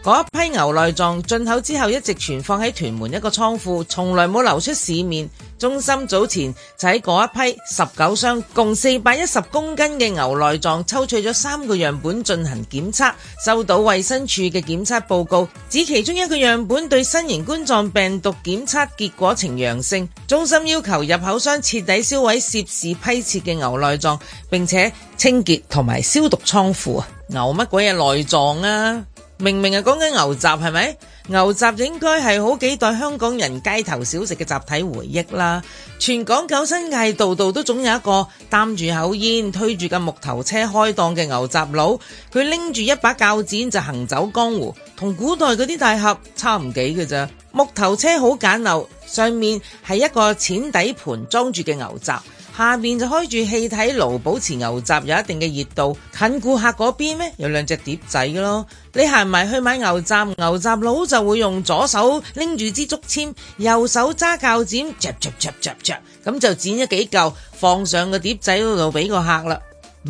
嗰一批牛內臟進口之後，一直存放喺屯門一個倉庫，從來冇流出市面。中心早前就喺嗰一批十九箱共四百一十公斤嘅牛內臟抽取咗三個樣本進行檢測，收到衛生署嘅檢測報告，指其中一個樣本對新型冠狀病毒檢測結果呈陽性。中心要求入口商徹底銷毀涉事批次嘅牛內臟，並且清潔同埋消毒倉庫啊！牛乜鬼嘢內臟啊？明明係講緊牛雜，係咪？牛雜應該係好幾代香港人街頭小食嘅集體回憶啦。全港九新界度度都總有一個擔住口煙、推住個木頭車開檔嘅牛雜佬，佢拎住一把鉸剪，就行走江湖，同古代嗰啲大俠差唔幾嘅咋。木頭車好簡陋，上面係一個淺底盤裝住嘅牛雜。下面就開住氣體爐，保持牛雜有一定嘅熱度。近顧客嗰邊呢，有兩隻碟仔嘅咯。你行埋去買牛雜，牛雜佬就會用左手拎住支竹籤，en, 右手揸鉸剪，削削削削削咁就剪咗幾嚿放上個碟仔嗰度俾個客啦。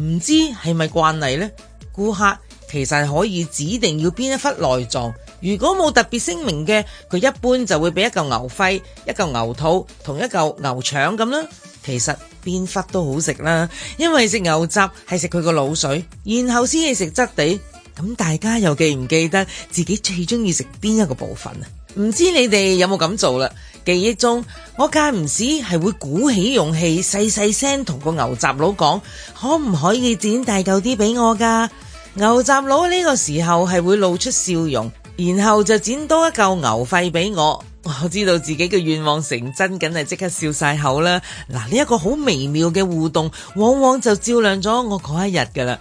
唔知係咪慣例呢？顧客其實可以指定要邊一忽內臟，如果冇特別聲明嘅，佢一般就會俾一嚿牛肺、一嚿牛肚同一嚿牛腸咁啦。其實邊忽都好食啦，因為食牛雜係食佢個滷水，然後先至食質地。咁大家又記唔記得自己最中意食邊一個部分啊？唔知你哋有冇咁做啦？記憶中，我間唔時係會鼓起勇氣細細聲同個牛雜佬講，可唔可以剪大嚿啲俾我噶？牛雜佬呢個時候係會露出笑容，然後就剪多一嚿牛肺俾我。我知道自己嘅願望成真，梗係即刻笑晒口啦！嗱，呢、這、一個好微妙嘅互動，往往就照亮咗我嗰一日噶啦。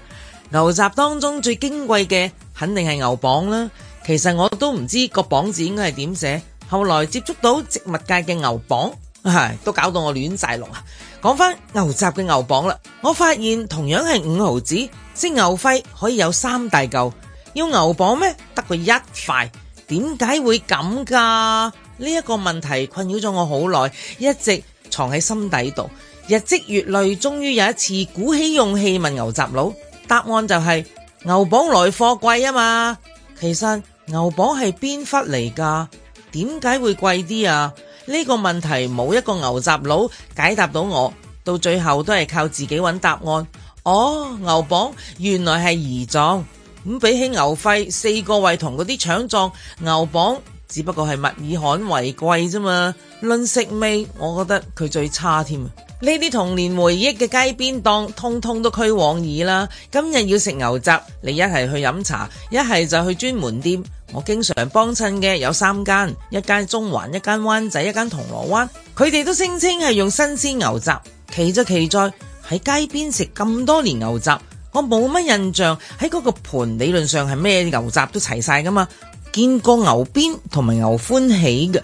牛雜當中最矜貴嘅，肯定係牛膀啦。其實我都唔知個膀字應該係點寫，後來接觸到植物界嘅牛蒡，唉、哎，都搞到我亂晒龍啊！講翻牛雜嘅牛膀啦，我發現同樣係五毫子，即牛肺可以有三大嚿，要牛膀咩？得佢一,一塊，點解會咁噶？呢一個問題困擾咗我好耐，一直藏喺心底度。日積月累，終於有一次鼓起勇氣問牛雜佬，答案就係、是、牛膀來貨貴啊嘛。其實牛膀係邊忽嚟㗎？點解會貴啲啊？呢、這個問題冇一個牛雜佬解答到我，到最後都係靠自己揾答案。哦，牛膀原來係胰臟咁，比起牛肺、四個胃同嗰啲腸臟，牛膀……只不過係物以罕為貴啫嘛，論食味，我覺得佢最差添。呢啲童年回憶嘅街邊檔，通通都去往矣啦。今日要食牛雜，你一係去飲茶，一係就去專門店。我經常幫襯嘅有三間，一間中環，一間灣仔，一間銅鑼灣。佢哋都聲稱係用新鮮牛雜。奇就奇在喺街邊食咁多年牛雜，我冇乜印象，喺嗰個盤理論上係咩牛雜都齊晒噶嘛。見過牛鞭同埋牛歡喜嘅，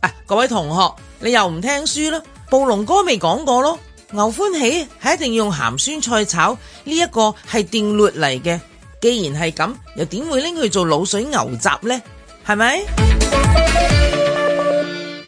啊！各位同學，你又唔聽書啦？暴龍哥未講過咯，牛歡喜係一定要用鹹酸菜炒，呢一個係定律嚟嘅。既然係咁，又點會拎去做滷水牛雜呢？係咪？